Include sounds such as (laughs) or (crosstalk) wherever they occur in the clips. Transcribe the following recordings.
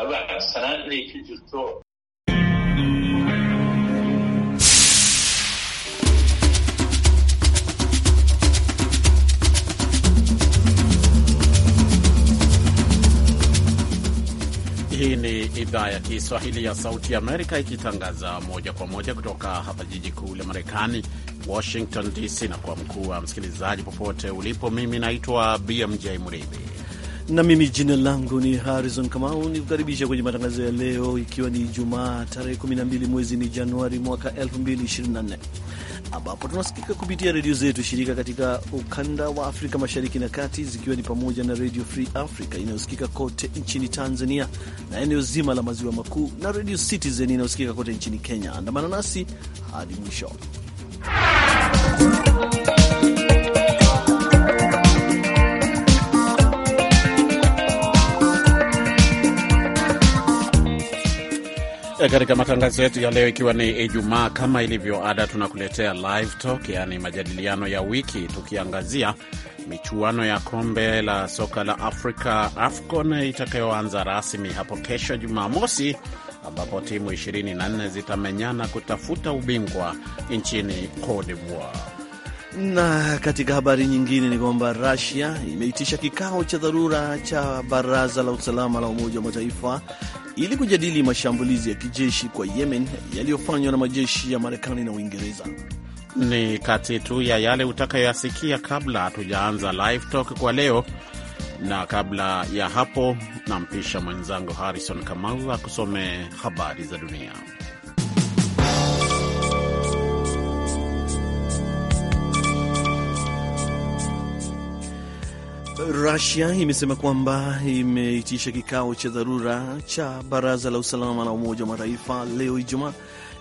Hii ni idhaa ya Kiswahili ya Sauti ya Amerika ikitangaza moja kwa moja kutoka hapa jiji kuu la Marekani, Washington DC. Na kwa mkuu wa msikilizaji popote ulipo, mimi naitwa BMJ Mridhi na mimi jina langu ni Harrison Kamau, ni kukaribisha kwenye matangazo ya leo, ikiwa ni Ijumaa tarehe 12 mwezi ni Januari mwaka 2024 ambapo tunasikika kupitia redio zetu shirika katika ukanda wa Afrika Mashariki na Kati, zikiwa ni pamoja na Redio Free Africa inayosikika kote nchini Tanzania na eneo zima la maziwa makuu na Redio Citizen inayosikika kote nchini Kenya. Andamana nasi hadi mwisho Eh, katika matangazo yetu ya leo, ikiwa ni Ijumaa, kama ilivyo ada, tunakuletea live talk, yaani majadiliano ya wiki, tukiangazia michuano ya kombe la soka la Afrika AFCON itakayoanza rasmi hapo kesho Jumamosi, ambapo timu 24 zitamenyana kutafuta ubingwa nchini Cote d'Ivoire. Na katika habari nyingine ni kwamba Russia imeitisha kikao cha dharura cha Baraza la Usalama la Umoja wa Mataifa ili kujadili mashambulizi ya kijeshi kwa Yemen yaliyofanywa na majeshi ya Marekani na Uingereza. Ni kati tu ya yale utakayoyasikia kabla hatujaanza live talk kwa leo, na kabla ya hapo nampisha mwenzangu Harrison Kamau akusome habari za dunia. Rusia imesema kwamba imeitisha kikao cha dharura cha Baraza la Usalama la Umoja wa Mataifa leo Ijumaa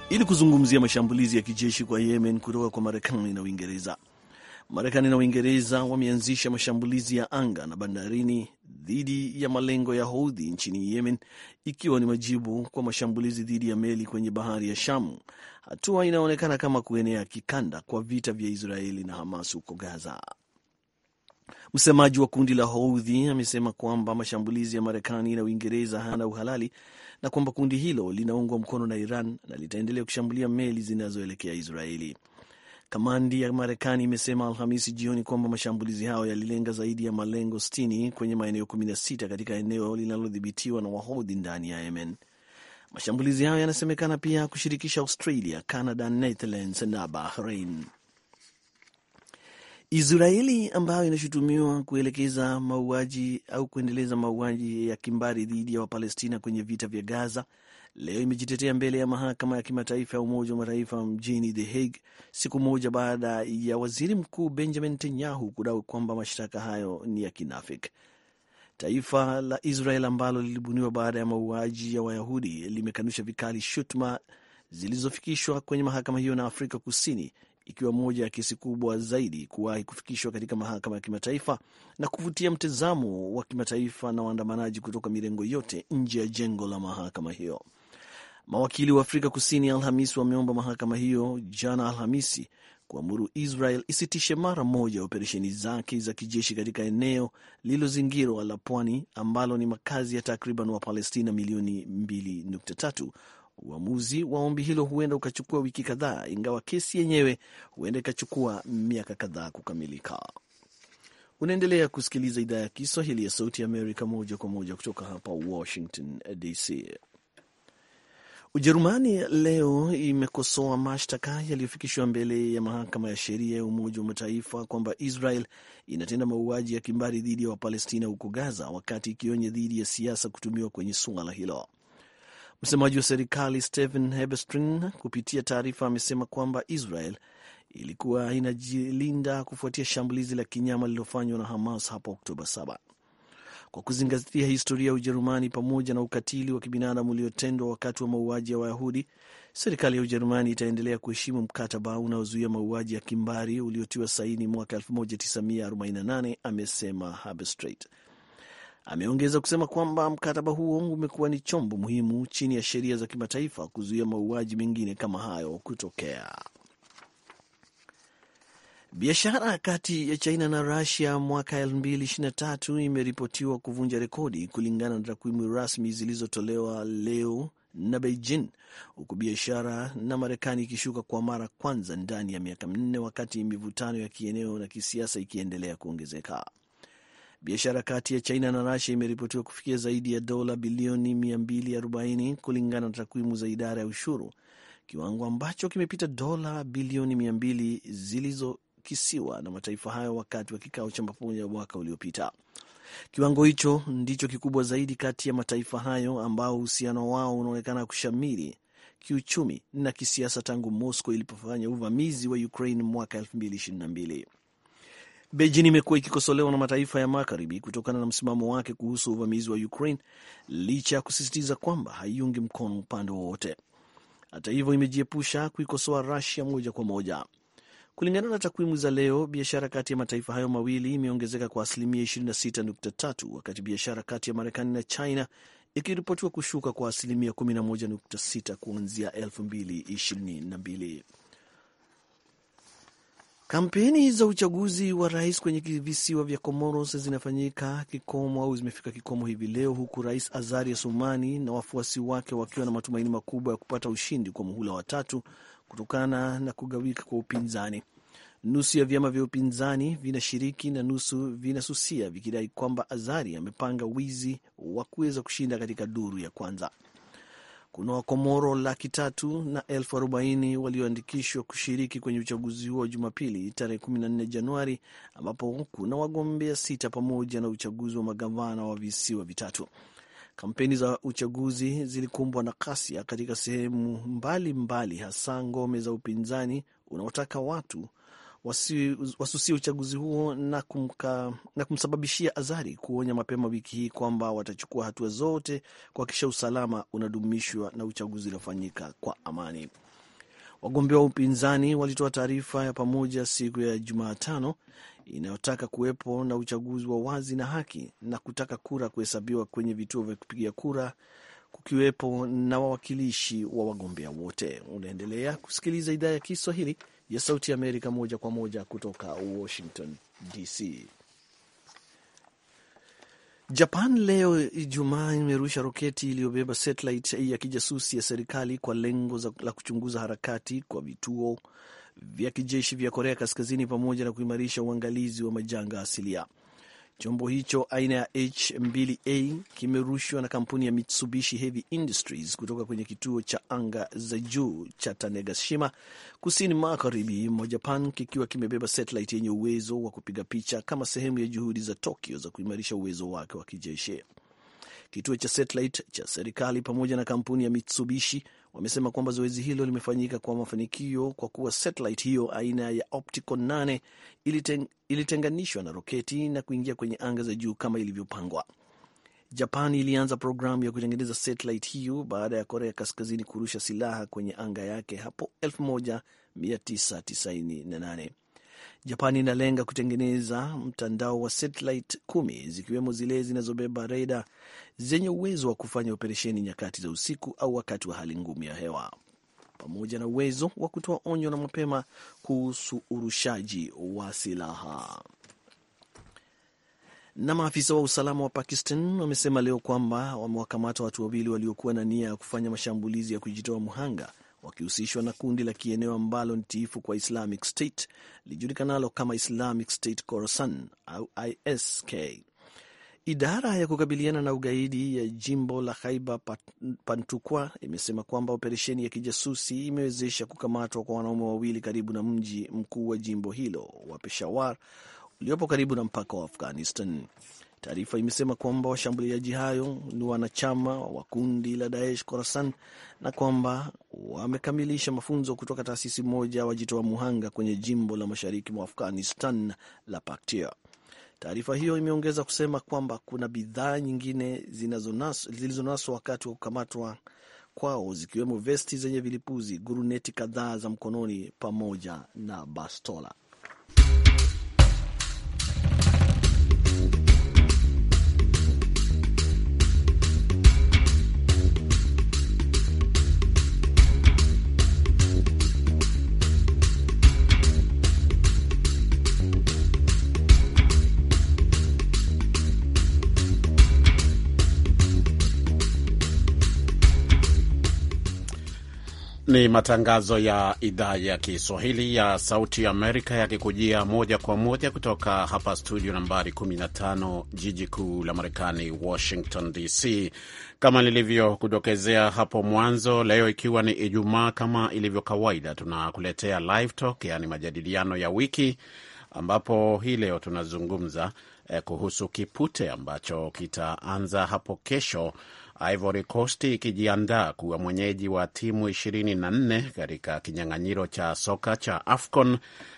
ili kuzungumzia mashambulizi ya kijeshi kwa Yemen kutoka kwa Marekani na Uingereza. Marekani na Uingereza wameanzisha mashambulizi ya anga na bandarini dhidi ya malengo ya Houthi nchini Yemen, ikiwa ni majibu kwa mashambulizi dhidi ya meli kwenye bahari ya Shamu, hatua inaonekana kama kuenea kikanda kwa vita vya Israeli na Hamas huko Gaza. Msemaji wa kundi la Houthi amesema kwamba mashambulizi ya Marekani na Uingereza hana uhalali na kwamba kundi hilo linaungwa mkono na Iran na litaendelea kushambulia meli zinazoelekea Israeli. Kamandi ya Marekani imesema Alhamisi jioni kwamba mashambulizi hayo yalilenga zaidi ya malengo 60 kwenye maeneo 16 katika eneo linalodhibitiwa na Wahodhi ndani ya Yemen. Mashambulizi hayo yanasemekana pia kushirikisha Australia, Canada, Netherlands na Bahrain. Israeli ambayo inashutumiwa kuelekeza mauaji au kuendeleza mauaji ya kimbari dhidi ya Wapalestina kwenye vita vya Gaza leo imejitetea mbele ya mahakama ya kimataifa ya Umoja wa Mataifa mjini The Hague siku moja baada ya waziri mkuu Benjamin Netanyahu kudai kwamba mashtaka hayo ni ya kinafiki. Taifa la Israel ambalo lilibuniwa baada ya mauaji ya Wayahudi limekanusha vikali shutuma zilizofikishwa kwenye mahakama hiyo na Afrika Kusini ikiwa moja ya kesi kubwa zaidi kuwahi kufikishwa katika mahakama ya kimataifa na kuvutia mtazamo wa kimataifa na waandamanaji kutoka mirengo yote nje ya jengo la mahakama hiyo. Mawakili wa Afrika Kusini Alhamisi wameomba mahakama hiyo jana Alhamisi kuamuru Israel isitishe mara moja operesheni zake za kijeshi katika eneo lililozingirwa la pwani ambalo ni makazi ya takriban Wapalestina milioni 2.3 Uamuzi wa ombi hilo huenda ukachukua wiki kadhaa, ingawa kesi yenyewe huenda ikachukua miaka kadhaa kukamilika. Unaendelea kusikiliza idhaa ya Kiswahili ya Sauti ya Amerika moja kwa moja kutoka hapa Washington DC. Ujerumani leo imekosoa mashtaka yaliyofikishwa mbele ya mahakama ya sheria ya Umoja wa Mataifa kwamba Israel inatenda mauaji ya kimbari dhidi ya Wapalestina huko Gaza, wakati ikionya dhidi ya siasa kutumiwa kwenye suala hilo. Msemaji wa serikali Stephen Hebestrin kupitia taarifa amesema kwamba Israel ilikuwa inajilinda kufuatia shambulizi la kinyama lililofanywa na Hamas hapo Oktoba 7 kwa kuzingatia historia ya Ujerumani pamoja na ukatili wa kibinadamu uliotendwa wakati wa mauaji ya Wayahudi. Serikali ya Ujerumani itaendelea kuheshimu mkataba unaozuia mauaji ya kimbari uliotiwa saini mwaka 1948, amesema Habestreet. Ameongeza kusema kwamba mkataba huo umekuwa ni chombo muhimu chini ya sheria za kimataifa kuzuia mauaji mengine kama hayo kutokea. Biashara kati ya China na Rusia mwaka 2023 imeripotiwa kuvunja rekodi kulingana na takwimu rasmi zilizotolewa leo na Beijing, huku biashara na Marekani ikishuka kwa mara kwanza ndani ya miaka minne, wakati mivutano ya kieneo na kisiasa ikiendelea kuongezeka. Biashara kati ya China na Rusia imeripotiwa kufikia zaidi ya dola bilioni 240 kulingana na takwimu za idara ya ushuru, kiwango ambacho kimepita dola bilioni 200 zilizokisiwa na mataifa hayo wakati wa kikao cha mapamoja mwaka uliopita. Kiwango hicho ndicho kikubwa zaidi kati ya mataifa hayo ambao uhusiano wao unaonekana kushamiri kiuchumi na kisiasa tangu Moscow ilipofanya uvamizi wa Ukraine mwaka 2022. Beijing imekuwa ikikosolewa na mataifa ya magharibi kutokana na msimamo wake kuhusu uvamizi wa Ukraine licha ya kusisitiza kwamba haiungi mkono upande wowote. Hata hivyo, imejiepusha kuikosoa rasia moja kwa moja. Kulingana na takwimu za leo, biashara kati ya mataifa hayo mawili imeongezeka kwa asilimia 26.3 wakati biashara kati ya Marekani na China ikiripotiwa kushuka kwa asilimia 11.6 kuanzia 2022. Kampeni za uchaguzi wa rais kwenye visiwa vya Comoros zinafanyika kikomo au zimefika kikomo hivi leo, huku rais Azari Asumani na wafuasi wake wakiwa na matumaini makubwa ya kupata ushindi kwa muhula wa tatu kutokana na kugawika kwa upinzani. Nusu ya vyama vya upinzani vinashiriki na nusu vinasusia, vikidai kwamba Azari amepanga wizi wa kuweza kushinda katika duru ya kwanza kuna Wakomoro laki tatu na elfu arobaini walioandikishwa kushiriki kwenye uchaguzi huo Jumapili tarehe 14 Januari, ambapo kuna wagombea sita pamoja na uchaguzi wa magavana wa visiwa vitatu. Kampeni za uchaguzi zilikumbwa na ghasia katika sehemu mbalimbali hasa ngome za upinzani unaotaka watu wasusie uchaguzi huo na, kumka, na kumsababishia Azari kuonya mapema wiki hii kwamba watachukua hatua zote kuhakikisha usalama unadumishwa na uchaguzi uliofanyika kwa amani. Wagombea wa upinzani walitoa taarifa ya pamoja siku ya Jumatano inayotaka kuwepo na uchaguzi wa wazi na haki na kutaka kura kuhesabiwa kwenye vituo vya kupigia kura kukiwepo na wawakilishi wa wagombea wote. Unaendelea kusikiliza idhaa ya Kiswahili ya Sauti Amerika moja kwa moja kutoka Washington DC. Japan leo Ijumaa imerusha roketi iliyobeba satellite ya kijasusi ya serikali kwa lengo za, la kuchunguza harakati kwa vituo vya kijeshi vya Korea Kaskazini pamoja na kuimarisha uangalizi wa majanga asilia. Chombo hicho aina ya H2A kimerushwa na kampuni ya Mitsubishi Heavy Industries kutoka kwenye kituo cha anga za juu cha Tanegashima kusini magharibi mwa Japan, kikiwa kimebeba satellite yenye uwezo wa kupiga picha kama sehemu ya juhudi za Tokyo za kuimarisha uwezo wake wa kijeshi. Kituo cha satellite cha serikali pamoja na kampuni ya Mitsubishi wamesema kwamba zoezi hilo limefanyika kwa mafanikio kwa kuwa satellite hiyo aina ya Optical 8 iliten, ilitenganishwa na roketi na kuingia kwenye anga za juu kama ilivyopangwa. Japan ilianza programu ya kutengeneza satellite hiyo baada ya Korea Kaskazini kurusha silaha kwenye anga yake hapo 1998. Japani inalenga kutengeneza mtandao wa satellite kumi zikiwemo zile zinazobeba reda zenye uwezo wa kufanya operesheni nyakati za usiku au wakati wa hali ngumu ya hewa pamoja na uwezo wa kutoa onyo na mapema kuhusu urushaji wa silaha. Na maafisa wa usalama wa Pakistan wamesema leo kwamba wamewakamata watu wawili waliokuwa na nia ya kufanya mashambulizi ya kujitoa muhanga wakihusishwa na kundi la kieneo ambalo ni tiifu kwa Islamic State lijulikanalo kama Islamic State Khorasan au ISK. Idara ya kukabiliana na ugaidi ya jimbo la haiba Pantukwa imesema kwamba operesheni ya kijasusi imewezesha kukamatwa kwa wanaume wawili karibu na mji mkuu wa jimbo hilo wa Peshawar uliopo karibu na mpaka wa Afghanistan. Taarifa imesema kwamba washambuliaji hayo ni wanachama wa kundi la Daesh Khorasan na kwamba wamekamilisha mafunzo kutoka taasisi moja wajitoa muhanga kwenye jimbo la mashariki mwa Afghanistan la Paktia. Taarifa hiyo imeongeza kusema kwamba kuna bidhaa nyingine zilizonaswa wakati wa kukamatwa kwao zikiwemo vesti zenye vilipuzi, guruneti kadhaa za mkononi pamoja na bastola. Ni matangazo ya idhaa ya Kiswahili ya Sauti Amerika yakikujia moja kwa moja kutoka hapa studio nambari 15 jiji kuu la Marekani, Washington DC. Kama nilivyokudokezea hapo mwanzo, leo ikiwa ni Ijumaa, kama ilivyo kawaida, tunakuletea live talk, yaani majadiliano ya wiki, ambapo hii leo tunazungumza eh, kuhusu kipute ambacho kitaanza hapo kesho Ivory Coast ikijiandaa kuwa mwenyeji wa timu 24 katika kinyang'anyiro cha soka cha AFCON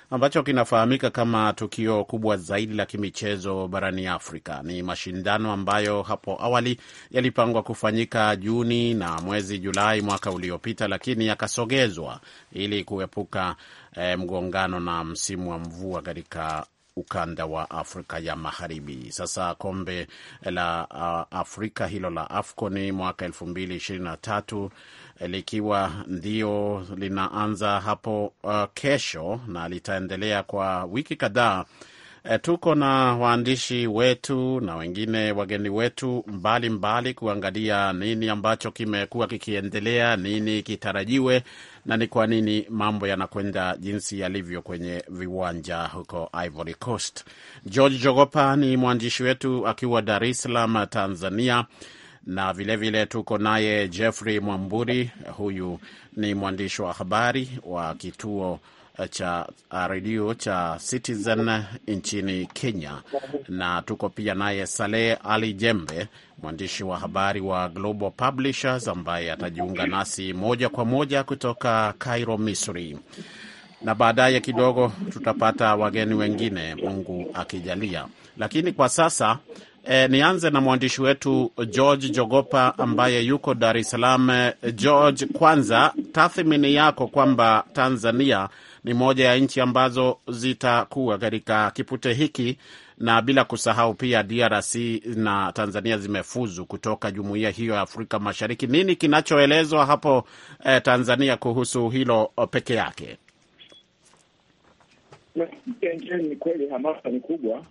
ambacho kinafahamika kama tukio kubwa zaidi la kimichezo barani Afrika. Ni mashindano ambayo hapo awali yalipangwa kufanyika Juni na mwezi Julai mwaka uliopita, lakini yakasogezwa ili kuepuka eh, mgongano na msimu wa mvua katika ukanda wa Afrika ya Magharibi. Sasa kombe la uh, Afrika hilo la AFCON mwaka elfu mbili ishirini na tatu eh, likiwa ndio linaanza hapo uh, kesho na litaendelea kwa wiki kadhaa E, tuko na waandishi wetu na wengine wageni wetu mbalimbali mbali, kuangalia nini ambacho kimekuwa kikiendelea, nini kitarajiwe na ni kwa nini mambo yanakwenda jinsi yalivyo kwenye viwanja huko Ivory Coast. George Jogopa ni mwandishi wetu akiwa Dar es Salaam, Tanzania na vilevile vile tuko naye Jeffrey Mwamburi, huyu ni mwandishi wa habari wa kituo cha uh, redio cha Citizen nchini Kenya, na tuko pia naye Saleh Ali Jembe, mwandishi wa habari wa Global Publishers, ambaye atajiunga nasi moja kwa moja kutoka Cairo, Misri, na baadaye kidogo tutapata wageni wengine, Mungu akijalia. Lakini kwa sasa E, nianze na mwandishi wetu George Jogopa ambaye yuko Dar es Salaam. George, kwanza tathmini yako kwamba Tanzania ni moja ya nchi ambazo zitakuwa katika kipute hiki, na bila kusahau pia DRC na Tanzania zimefuzu kutoka jumuiya hiyo ya Afrika Mashariki. Nini kinachoelezwa hapo eh, Tanzania kuhusu hilo eh, peke yake? Ni kweli hamasa ni kubwa,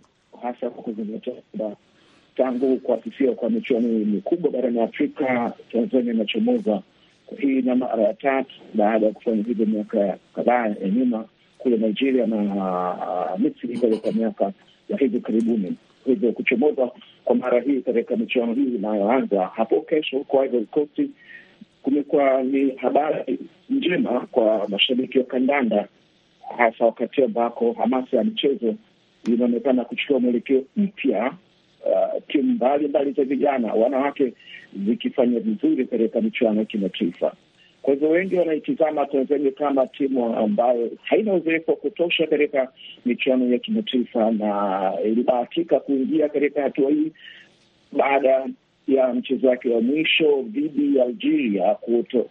hasa kwa kuzingatia kwamba tangu kuasisiwa kwa michuano mikubwa barani Afrika, Tanzania inachomoza hii na mara ya tatu baada ya kufanya hivyo miaka kadhaa ya nyuma kule Nigeria na uh, Misri kwa miaka ya hivi karibuni. Hivyo kuchomoza kwa mara hii katika michuano hii inayoanza hapo kesho kwa Ivory Coast kumekuwa ni habari njema kwa mashabiki wa kandanda, hasa wakati ambako hamasa ya michezo inaonekana kuchukua mwelekeo mpya uh, timu mbalimbali za vijana wanawake zikifanya vizuri katika michuano ya kimataifa. Kwa hivyo wengi wanaitizama Tanzania kama timu ambayo haina uzoefu wa kutosha katika michuano ya kimataifa, na ilibahatika kuingia katika hatua hii baada ya mchezo wake wa mwisho dhidi ya Algeria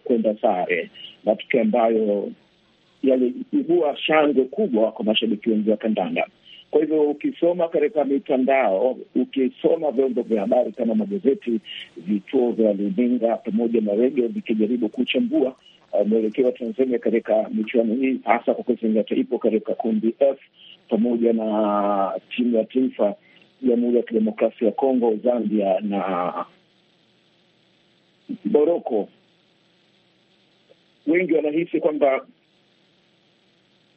kwenda sare, matukio ambayo yaliibua shangwe kubwa kwa mashabiki wengi wa kandanda. Kwa hivyo ukisoma katika mitandao, ukisoma vyombo vya habari kama magazeti, vituo vya luninga pamoja na redio vikijaribu kuchambua uh, mwelekeo wa Tanzania katika michuano hii, hasa kwa kuzingatia ipo katika kundi F pamoja na timu ya taifa Jamhuri ya Kidemokrasia ya Kongo, Zambia na Moroko, wengi wanahisi kwamba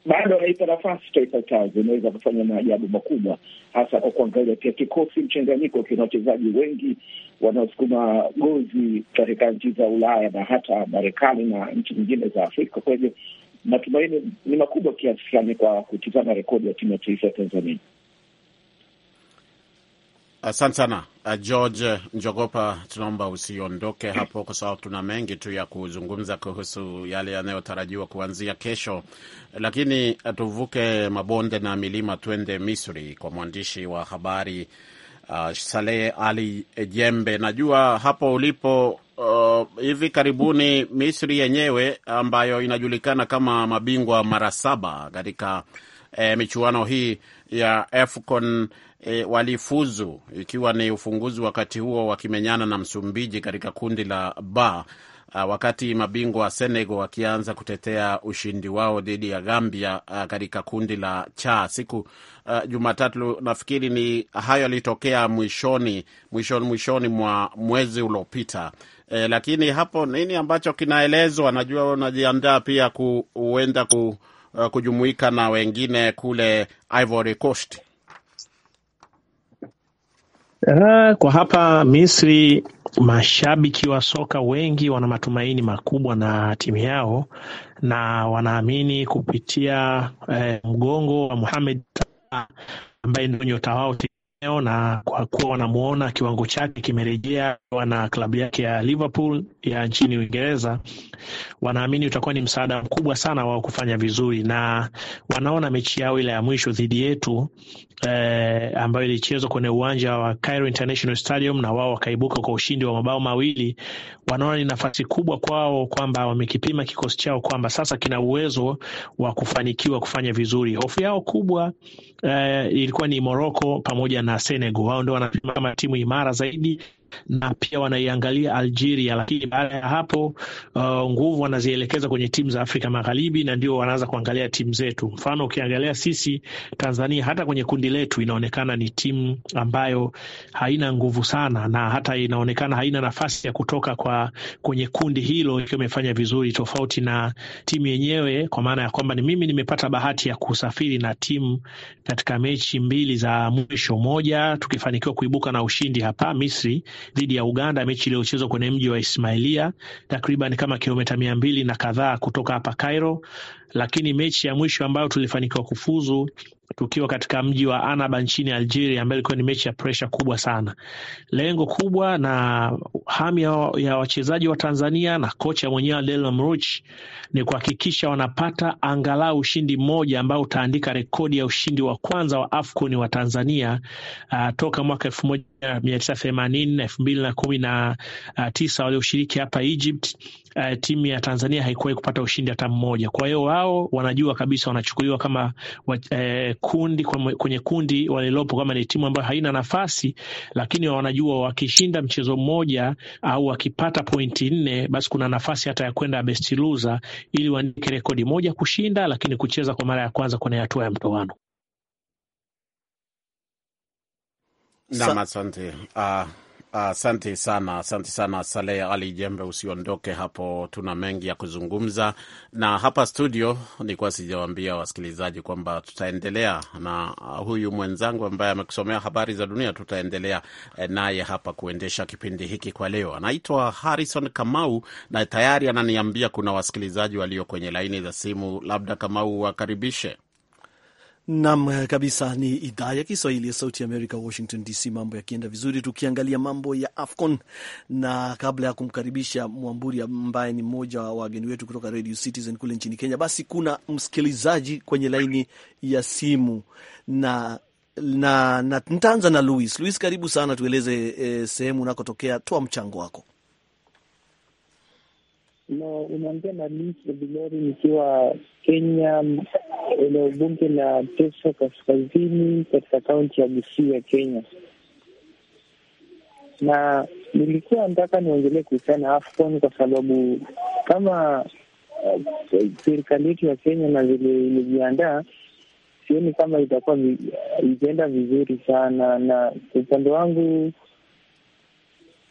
bado anaipa nafasi Taifa Stars, inaweza kufanya maajabu makubwa, hasa kwa kuangalia pia kikosi mchanganyiko, kina wachezaji wengi wanaosukuma gozi katika nchi za Ulaya na hata Marekani na nchi nyingine za Afrika. Kwa hivyo matumaini ni makubwa kiasi fulani kwa kutizama rekodi ya timu ya taifa ya Tanzania. Asante sana uh, George uh, Njogopa, tunaomba usiondoke hapo, kwa sababu tuna mengi tu ya kuzungumza kuhusu yale yanayotarajiwa kuanzia kesho, lakini uh, tuvuke mabonde na milima twende Misri kwa mwandishi wa habari uh, Saleh Ali Jembe. Najua hapo ulipo uh, hivi karibuni Misri yenyewe ambayo inajulikana kama mabingwa mara saba katika eh, michuano hii ya AFCON e, walifuzu ikiwa ni ufunguzi wakati huo wakimenyana na Msumbiji katika kundi la ba wakati mabingwa wa Senegal wakianza kutetea ushindi wao dhidi ya Gambia katika kundi la cha siku uh, Jumatatu. Nafikiri ni hayo yalitokea mwishoni mwishoni mwishoni mwa mwezi uliopita. E, lakini hapo nini ambacho kinaelezwa, najua unajiandaa pia kuenda ku, uh, kujumuika na wengine kule Ivory Coast. Uh, kwa hapa Misri mashabiki wa soka wengi wana matumaini makubwa na timu yao na wanaamini kupitia eh, mgongo wa Mohamed ambaye ndio nyota wao tegemeo, na kwa kuwa wanamuona kiwango chake kimerejea na klabu yake ya Liverpool ya nchini Uingereza, wanaamini utakuwa ni msaada mkubwa sana wao kufanya vizuri, na wanaona mechi yao ile ya mwisho dhidi yetu eh, ambayo ilichezwa kwenye uwanja wa Cairo International Stadium na wao wakaibuka kwa ushindi wa mabao mawili, wanaona ni nafasi kubwa kwao kwamba wamekipima kikosi chao kwamba sasa kina uwezo wa kufanikiwa kufanya vizuri. Hofu yao kubwa eh, ilikuwa ni Morocco pamoja na Senegal. Wao ndio wanapima kama timu imara zaidi na pia wanaiangalia Algeria, lakini baada ya hapo uh, nguvu wanazielekeza kwenye timu za Afrika Magharibi na ndio wanaanza kuangalia timu zetu. Mfano, ukiangalia sisi Tanzania, hata kwenye kundi letu inaonekana ni timu ambayo haina nguvu sana, na hata inaonekana haina nafasi ya kutoka kwa kwenye kundi hilo, ikiwa imefanya vizuri tofauti na timu yenyewe, kwa maana ya kwamba ni mimi nimepata bahati ya kusafiri na timu katika mechi mbili za mwisho, moja tukifanikiwa kuibuka na ushindi hapa Misri dhidi ya Uganda, mechi iliyochezwa kwenye mji wa Ismailia takriban kama kilomita mia mbili na kadhaa kutoka hapa Cairo lakini mechi ya mwisho ambayo tulifanikiwa kufuzu tukiwa katika mji wa Anaba nchini Algeria, ambayo ilikuwa ni mechi ya presha kubwa sana, lengo kubwa na hamu ya, ya wachezaji wa Tanzania na kocha mwenyewe Adel Mruch ni kuhakikisha wanapata angalau ushindi mmoja ambao utaandika rekodi ya ushindi wa kwanza wa AFCON wa Tanzania uh, toka mwaka elfu moja mia tisa themanini na elfu mbili na kumi na uh, tisa walioshiriki hapa Egypt uh, timu ya Tanzania haikuwahi kupata ushindi hata mmoja. Kwa hiyo wao wanajua kabisa wanachukuliwa kama wa, eh, kundi kwenye kundi walilopo kama ni timu ambayo haina nafasi, lakini wanajua wakishinda mchezo mmoja au wakipata pointi nne, basi kuna nafasi hata ya kwenda best loser ili waandike rekodi moja kushinda, lakini kucheza kwa mara ya kwanza kwenye hatua ya mtoano. Nam, asante uh, Asante uh, sana, asante sana Saleh Ali Jembe, usiondoke hapo, tuna mengi ya kuzungumza. Na hapa studio nilikuwa sijawaambia wasikilizaji kwamba tutaendelea na uh, huyu mwenzangu ambaye amekusomea habari za dunia, tutaendelea eh, naye hapa kuendesha kipindi hiki kwa leo. Anaitwa Harrison Kamau na tayari ananiambia kuna wasikilizaji walio kwenye laini za simu, labda Kamau wakaribishe. Nam eh, kabisa, ni idhaa ya Kiswahili ya Sauti ya Amerika, Washington DC. Mambo yakienda vizuri, tukiangalia mambo ya AFCON na kabla ya kumkaribisha Mwamburi ambaye ni mmoja wa wageni wetu kutoka Radio Citizen kule nchini Kenya, basi kuna msikilizaji kwenye laini ya simu na na nitaanza na, na Louis. Louis, karibu sana, tueleze eh, sehemu unakotokea, toa mchango wako. No, unaongea na Lins Bilori nikiwa Kenya, eneo bunge la Teso Kaskazini, katika kaunti ya Busia ya Kenya. Na nilikuwa nataka niongelee kuhusiana na AFCON kwa sababu kama eh, serikali yetu ya Kenya na vile ilijiandaa, sioni kama itakuwa itaenda vizuri sana, na kwa upande wangu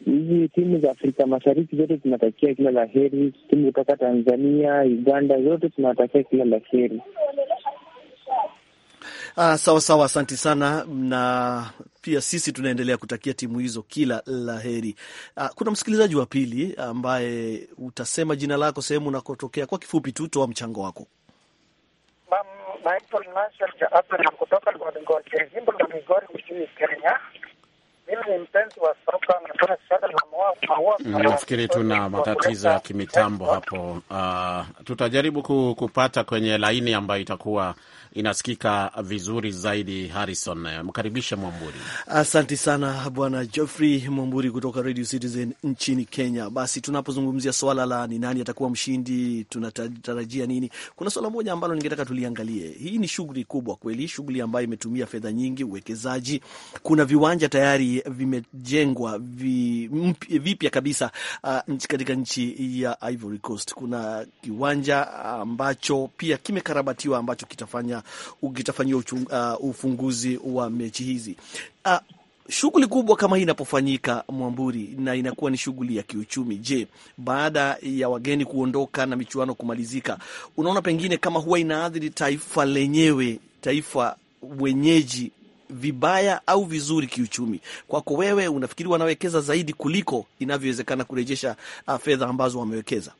hizi timu za Afrika Mashariki zote tunatakia kila la heri, timu kutoka Tanzania, Uganda zote tunawatakia kila la heri. Ah, sawa sawa, asanti sana, na pia sisi tunaendelea kutakia timu hizo kila la heri. Ah, kuna msikilizaji wa pili ambaye utasema jina lako, sehemu unakotokea, kwa kifupi tu, toa mchango wako. Naitwa kutoka Gorigori, jimbo la Migori nchini Kenya. Mm, nafikiri tuna matatizo ya kimitambo hapo. Uh, tutajaribu kupata kwenye laini ambayo itakuwa inasikika vizuri zaidi. Harrison, mkaribishe Mwamburi. Asante sana bwana Geoffrey Mwamburi kutoka Radio Citizen nchini Kenya. Basi tunapozungumzia swala la ni nani atakuwa mshindi, tunatarajia nini, kuna swala moja ambalo ningetaka tuliangalie. Hii ni shughuli kubwa kweli, shughuli ambayo imetumia fedha nyingi, uwekezaji. Kuna viwanja tayari vimejengwa vipya kabisa uh, katika nchi ya Ivory Coast. Kuna kiwanja ambacho pia kimekarabatiwa ambacho kitafanya kitafanyiwa uh, ufunguzi wa mechi hizi uh, shughuli kubwa kama hii inapofanyika Mwamburi, na inakuwa ni shughuli ya kiuchumi. Je, baada ya wageni kuondoka na michuano kumalizika, unaona pengine kama huwa inaathiri taifa lenyewe, taifa wenyeji vibaya au vizuri kiuchumi kwako wewe, unafikiri wanawekeza zaidi kuliko inavyowezekana kurejesha ah, fedha ambazo wamewekeza?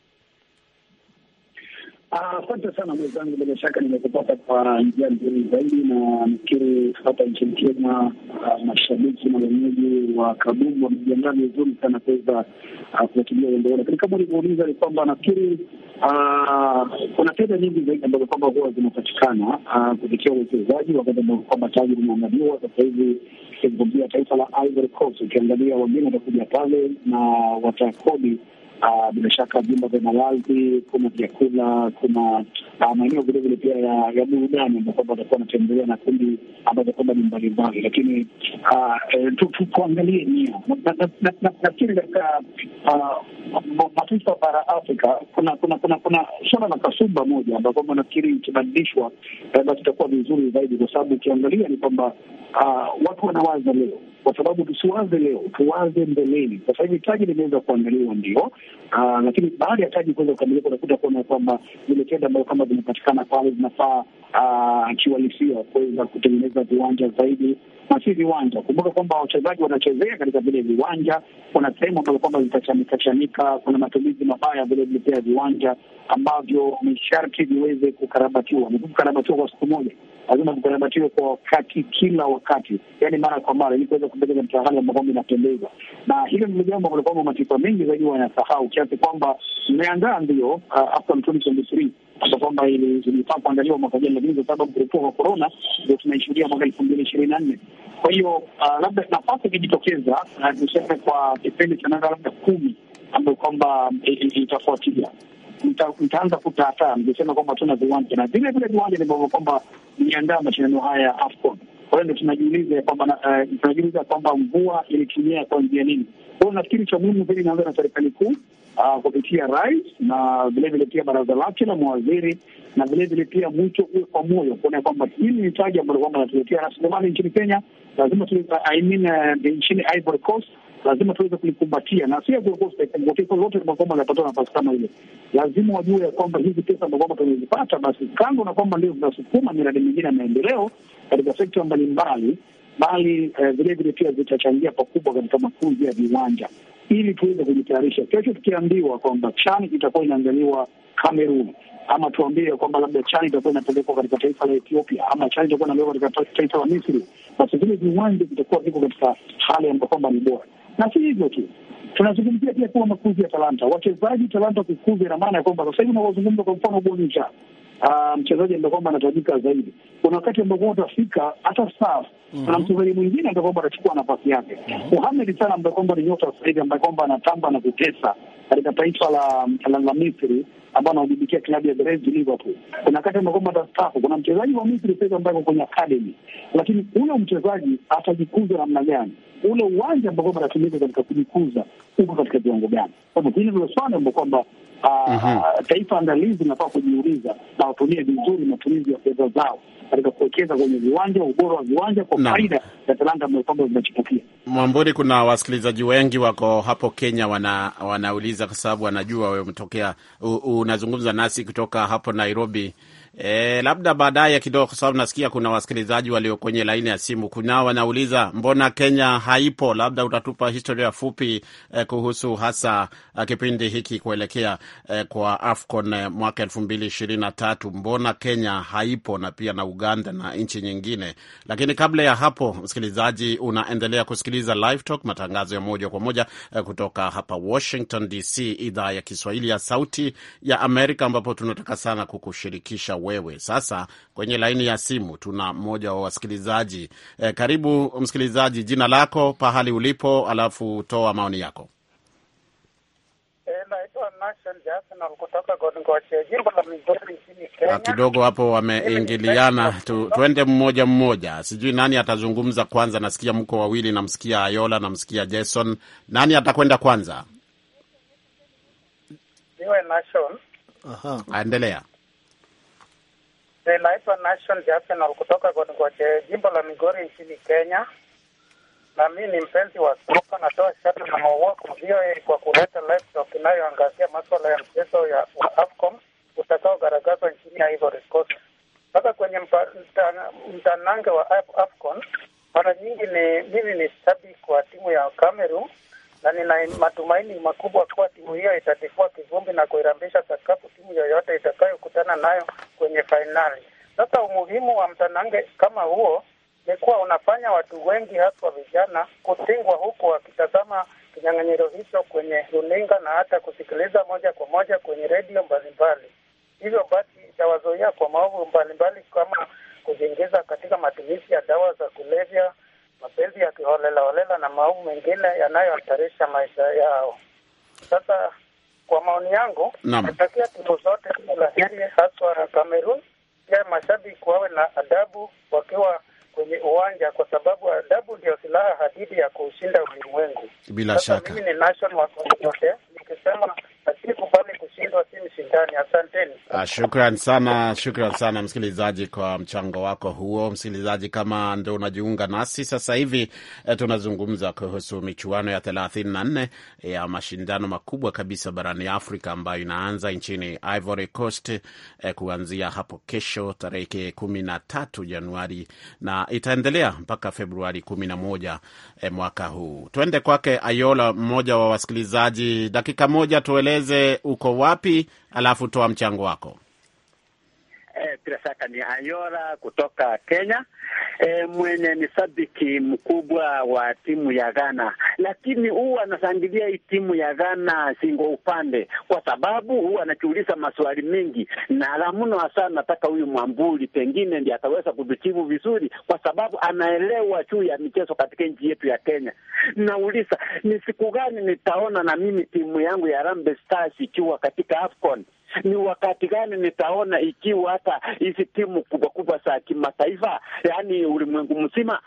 Asante sana mwenzangu, bila shaka nimekupata kwa njia nzuri zaidi, na nafikiri hapa nchini Kenya ah, mashabiki na wenyeji wa kabumbu wamejiandaa vizuri sana kuweza ah, kufuatilia uendo lakini kama ulivyouliza ni kwamba nafikiri ah, kuna fedha nyingi zaidi ambazo kwamba huwa zinapatikana kupitia uwekezaji, wakati ambao kwamba tayari limeandaliwa sasa hivi. Ukizungumzia taifa la Ivory Coast, ukiangalia wageni watakuja pale na watakodi Ah, bila shaka vyumba vya malazi, kuna vyakula, kuna ah, maeneo vilevile pia ya burudani ambao kwamba watakuwa wanatembelea na kundi ambazo kwamba ni mbalimbali, lakini ah, eh, tuangalie nia. Nafikiri katika mataifa bara Afrika kuna suala la kasumba moja ambao kwamba nafikiri ikibadilishwa eh, basi itakuwa vizuri zaidi, kwa sababu ukiangalia ni kwamba watu wanawaza leo kwa sababu tusianze leo, tuanze mbeleni. Sasa hivi taji limeweza kuandaliwa ndio, ah, lakini baada ya taji kuweza kukamilika, unakuta kuona kwamba zile tenda ambayo kama zinapatikana pale zinafaa akiwalisia ah, kuweza kutengeneza viwanja zaidi na si viwanja. Kumbuka kwamba wachezaji wanachezea katika vile viwanja, kuna sehemu ambazo kwamba zitachanika chanika, kuna matumizi mabaya vilevile pia viwanja ambavyo ni sharti viweze kukarabatiwa, ni kukarabatiwa kwa siku moja lazima kukarabatiwa kwa wakati, kila wakati, yani mara kwa mara, ili kuweza kupeleka katika hali ambayo kwamba inapendeza. Na hilo ni jambo ambalo kwamba mataifa mengi zaidi wanasahau, kiasi kwamba mmeandaa ndio AFCON 2023 ambao kwamba ilifaa kuandaliwa mwaka jana, lakini kwa sababu kurupuka kwa korona ndio tunaishuhudia mwaka elfu mbili ishirini na nne. Kwa hiyo uh, labda nafasi ikijitokeza, tuseme uh, kwa kipindi cha miaka labda kumi ambayo kwamba um, itafuatilia mtaanza kutaataa mkisema kwamba hatuna viwanja, na vile vile viwanja ndivyo kwamba niandaa mashindano haya ya AFCON. Kwa hiyo ndo tunajiuliza kwamba eh, tunajiuliza kwamba mvua ilitumia kwa njia nini? Kwa hiyo nafikiri cha muhimu vile inaanza na serikali kuu Uh, kupitia rais na vilevile pia baraza lake la mawaziri na vilevile pia mwito uwe kwa moyo kuona kwamba hili ni taji ambalo kwamba natuletea rasilimali nchini Kenya, lazima I mean, uh, nchini Ivory Coast lazima tuweze kulikumbatia na sio taifa lote kwamba linapata nafasi kama ile. Lazima wajue ya kwamba hizi pesa ndo kwamba tumezipata, basi kando na kwamba ndio zinasukuma miradi mingine ya maendeleo katika sekta mbalimbali, bali vilevile eh, pia zitachangia pakubwa katika makuzi ya viwanja, ili tuweze kujitayarisha. Kesho tukiambiwa kwamba chani itakuwa inaangaliwa Kamerun ama tuambie kwamba labda chani itakuwa inapelekwa katika taifa la Ethiopia ama chani itakuwa inapelekwa katika taifa la Misri, basi vile viwanja vitakuwa viko katika hali ambayo kwamba ni bora na si hivyo tu tunazungumzia pia kuwa makuzi ya talanta, wachezaji talanta kukuza. Ina maana ya kwamba sasa hivi unavyozungumza, kwa mfano Bonita ah, mchezaji ambaye kwamba anatajika zaidi, kuna wakati ambapo utafika hata safu mhm. na mchezaji mwingine ambaye kwamba atachukua nafasi yake. Mohamed mhm. Salah ambaye kwamba ni nyota sasa hivi, ambaye kwamba anatamba na kutesa katika taifa la la Misri, ambao anahudumikia klabu ya Brezi Liverpool. Kuna wakati ambapo kwamba atastaafu. Kuna mchezaji wa Misri sasa ambaye yuko kwenye academy, lakini huyo mchezaji atajikuza namna gani? ule uwanja ambao kwamba anatumika katika kujikuza uko katika viwango gani? Sababu hili ndilo swali ambao kwamba ah, mhm. ah, taifa andalizi linafaa kujiuliza na watumie vizuri matumizi ya fedha zao katika kuwekeza kwenye viwanja, ubora wa viwanja kwa faida ya talanta ambayo kwamba zinachipukia. Mwamburi, kuna wasikilizaji wengi wako hapo Kenya wana, wanauliza kwa sababu wanajua wewe umetokea, unazungumza nasi kutoka hapo Nairobi. E, labda baadaye kidogo, kwa sababu nasikia kuna wasikilizaji walio kwenye laini ya simu. kunao wanauliza mbona Kenya haipo, labda utatupa historia fupi e, kuhusu hasa eh, kipindi hiki kuelekea e, kwa AFCON eh, mwaka elfu mbili ishirini na tatu, mbona Kenya haipo na pia na Uganda na nchi nyingine. Lakini kabla ya hapo, msikilizaji, unaendelea kusikiliza Live Talk, matangazo ya moja kwa moja e, kutoka hapa Washington DC, idhaa ya Kiswahili ya Sauti ya Amerika, ambapo tunataka sana kukushirikisha wewe. Sasa kwenye laini ya simu tuna mmoja wa wasikilizaji e, karibu msikilizaji, jina lako, pahali ulipo, alafu toa maoni yako. Eh, Na kidogo hapo wameingiliana tu, tuende mmoja mmoja, sijui nani atazungumza kwanza. Nasikia mko wawili, namsikia Ayola, namsikia Jason. Nani atakwenda kwanza? Aha, Ninaitwa eh, Nation Jasenal kutoka Gongoje, jimbo la Migori nchini Kenya, na mi ni mpenzi wa soka. Natoa shati na maua VOA kwa kuleta live talk inayoangazia maswala ya mchezo ya wa AFCON utakaogaragazwa nchini ya Ivory Coast. Sasa kwenye mtanange wa AFCON, mara nyingi ni mimi ni shabiki wa timu ya Cameroon na nina matumaini makubwa kuwa timu hiyo itatifua kivumbi na kuirambisha sakafu timu yoyote itakayokutana nayo kwenye fainali. Sasa umuhimu wa mtanange kama huo ni kuwa unafanya watu wengi haswa vijana kutingwa, huku wakitazama kinyang'anyiro hicho kwenye runinga na hata kusikiliza moja kwa moja kwenye redio mbalimbali. Hivyo basi itawazuia kwa maovu mbalimbali kama kujiingiza katika matumizi ya dawa za kulevya mapenzi ya holela na mambo mengine yanayohatarisha maisha yao. Sasa kwa maoni yangu, natakia timu zote la heri, haswa Kamerun. Pia mashabiki wawe na adabu wakiwa kwenye uwanja, kwa sababu adabu ndio silaha hadidi ya kuushinda ulimwengu. Bila shaka mimi ni wa nikisema Ah, shukran sana, shukran sana msikilizaji kwa mchango wako huo. Msikilizaji, kama ndo unajiunga nasi sasa hivi, eh, tunazungumza kuhusu michuano ya nne ya mashindano makubwa kabisa barani Afrika ambayo inaanza nchini Ivory Coast eh, kuanzia hapo kesho tarehe tatu Januari na itaendelea mpaka Februari 11 eh, mwaka huu. Tuende kwake Ayola, mmoja wa wasikilizaji, dakika moja tuele tueleze uko wapi, alafu toa mchango wako eh, shaka ni Ayora kutoka Kenya, eh, mwenye ni sabiki mkubwa wa timu ya Ghana, lakini huwa anashangilia hii timu ya Ghana singo upande, kwa sababu huwa anajiuliza maswali mengi na lamuno hasa, nataka huyu Mwambuli pengine ndi ataweza kuvichivu vizuri, kwa sababu anaelewa juu ya michezo katika nchi yetu ya Kenya. Nauliza, ni siku gani nitaona na mimi timu yangu ya Harambee Stars ikiwa katika AFCON? Ni wakati gani nitaona ikiwa hata hizi timu kubwa kubwa za kimataifa, yaani ulimwengu mzima,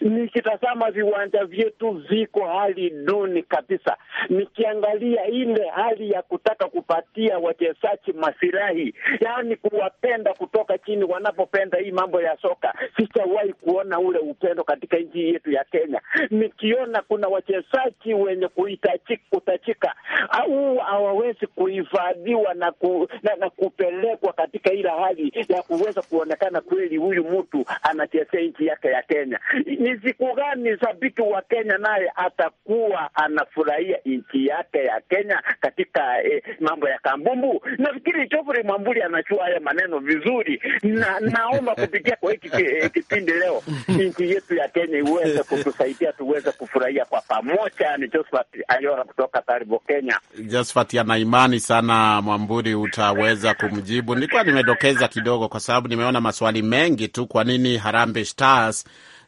nikitazama viwanja vyetu viko hali duni kabisa, nikiangalia ile hali ya kutaka kupatia wachezaji masirahi yaani kuwapenda kutoka chini wanapopenda hii mambo ya soka. Sijawahi kuona ule upendo katika nchi yetu ya Kenya, nikiona kuna wachezaji wenye kuhitajika au hawawezi kuhifadhiwa na ku na, na kupelekwa katika ile hali ya kuweza kuonekana kweli huyu mtu anachezea nchi yake ya Kenya. Ni siku gani sabiki wa Kenya naye atakuwa anafurahia nchi yake ya Kenya katika eh, mambo ya kambumbu? Nafikiri Chofuri Mwamburi anachua haya maneno vizuri, na naomba kupitia kwa hiki eh, kipindi leo nchi yetu ya Kenya iweze kutusaidia tuweze kufurahia kwa pamoja. Ni Josephat Ayora kutoka Taribo, Kenya. Josephat ana imani sana Mwamburi utaweza kumjibu. Nilikuwa nimedokeza kidogo, kwa sababu nimeona maswali mengi tu, kwa nini Harambee Stars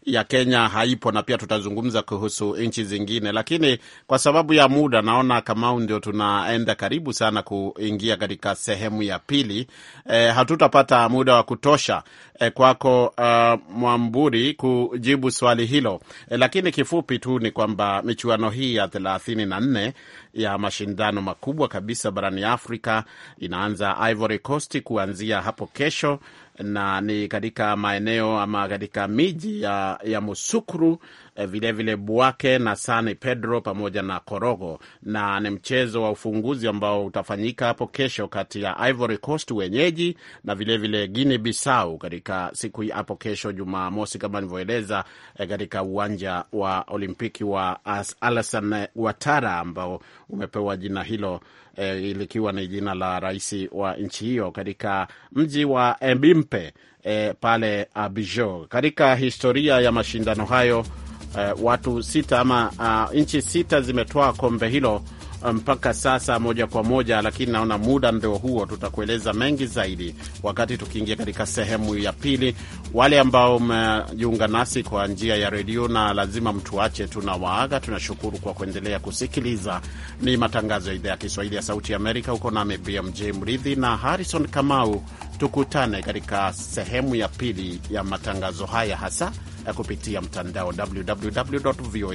ya Kenya haipo, na pia tutazungumza kuhusu nchi zingine, lakini kwa sababu ya muda, naona Kamau, ndio tunaenda karibu sana kuingia katika sehemu ya pili. E, hatutapata muda wa kutosha e, kwako uh, Mwamburi kujibu swali hilo e, lakini kifupi tu ni kwamba michuano hii ya thelathini na nne ya mashindano makubwa kabisa barani Afrika inaanza Ivory Coast kuanzia hapo kesho na ni katika maeneo ama katika miji ya, ya Musukuru vilevile eh, vile Buake na San Pedro pamoja na Korogo, na ni mchezo wa ufunguzi ambao utafanyika hapo kesho kati ya Ivory Coast wenyeji na vilevile Guinea Bissau katika siku hapo kesho Jumamosi, kama nilivyoeleza eh, katika uwanja wa Olimpiki wa Alassane Ouattara ambao umepewa jina hilo E, ilikiwa ni jina la rais wa nchi hiyo katika mji wa Mbimpe e, pale Abidjan. Katika historia ya mashindano hayo uh, watu sita ama uh, eh, nchi sita zimetoa kombe hilo eh, mpaka sasa moja kwa moja, lakini naona muda ndio huo. Tutakueleza mengi zaidi wakati tukiingia katika sehemu ya pili. Wale ambao mmejiunga nasi kwa njia ya redio na lazima mtuache, tunawaaga. Tunashukuru kwa kuendelea kusikiliza. Ni matangazo ya idhaa ya Kiswahili ya Sauti ya Amerika. Uko nami BMJ Mridhi na Harrison Kamau. Tukutane katika sehemu ya pili ya matangazo haya hasa kupitia mtandao www voa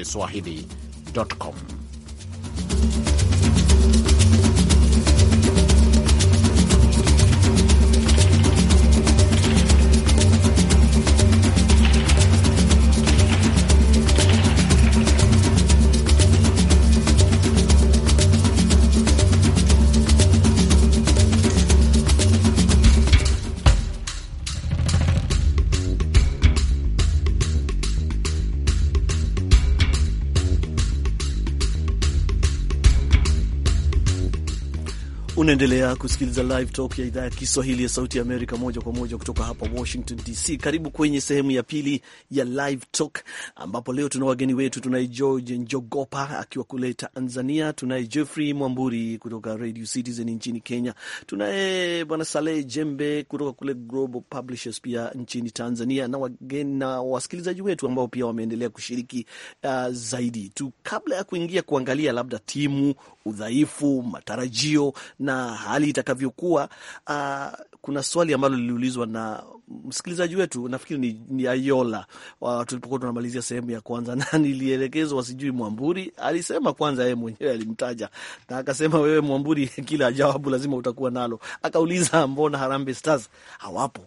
Unaendelea kusikiliza Live Talk ya idhaa ya Kiswahili ya Sauti ya Amerika, moja kwa moja kutoka hapa Washington DC. Karibu kwenye sehemu ya pili ya Live Talk, ambapo leo tuna wageni wetu. Tunaye George Njogopa akiwa kule Tanzania, tunaye Jeffrey Mwamburi kutoka Radio Citizen nchini Kenya, tunaye Bwana Saleh Jembe kutoka kule Global Publishers pia nchini Tanzania, na wageni na wasikilizaji wetu ambao pia wameendelea kushiriki uh, zaidi tu. Kabla ya kuingia kuangalia labda timu udhaifu, matarajio na hali itakavyokuwa. Uh, kuna swali ambalo liliulizwa na msikilizaji wetu, nafikiri ni, ni Ayola uh, tulipokuwa tunamalizia sehemu ya kwanza (laughs) na nilielekezwa sijui Mwamburi alisema kwanza, yeye mwenyewe alimtaja na akasema, wewe Mwamburi, (laughs) kila jawabu lazima utakuwa nalo. Akauliza, mbona Harambee Stars hawapo?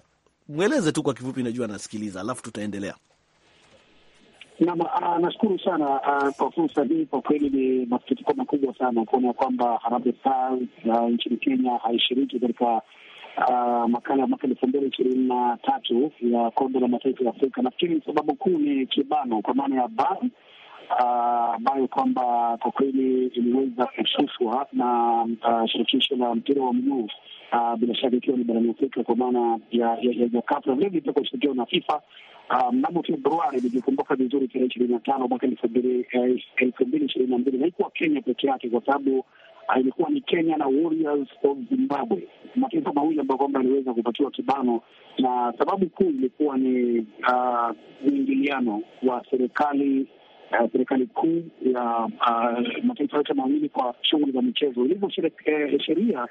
Mweleze tu kwa kifupi, najua anasikiliza, alafu tutaendelea. Naam, ah, nashukuru sana ah, kwa fursa hii. Kwa kweli ni masikitiko makubwa sana kuona kwamba Harambee Stars ah, nchini Kenya haishiriki katika Uh, makala ya mwaka elfu mbili ishirini na tatu ya kombe la mataifa ya Afrika. Nafikiri sababu kuu ni kibano kwa maana ya ban ambayo uh, kwamba kwa kweli iliweza kushushwa na uh, shirikisho la mpira wa mguu uh, bila shaka ikiwa ni barani Afrika kwa maana ya jokapu na vilevile pia kwa ushirikiano na FIFA ah, mnamo Februari, nikikumbuka vizuri, tarehe ishirini na tano mwaka eh, elfu mbili ishirini na mbili haikuwa Kenya peke yake kwa sababu ah, ilikuwa ni Kenya na Warriors of Zimbabwe, mataifa mawili ambayo kwamba aliweza kupatiwa kibano, na sababu kuu ilikuwa ni mwingiliano uh, wa serikali uh, serikali kuu ya uh, mataifa yote mawili kwa shughuli za michezo ilivyo sheria eh,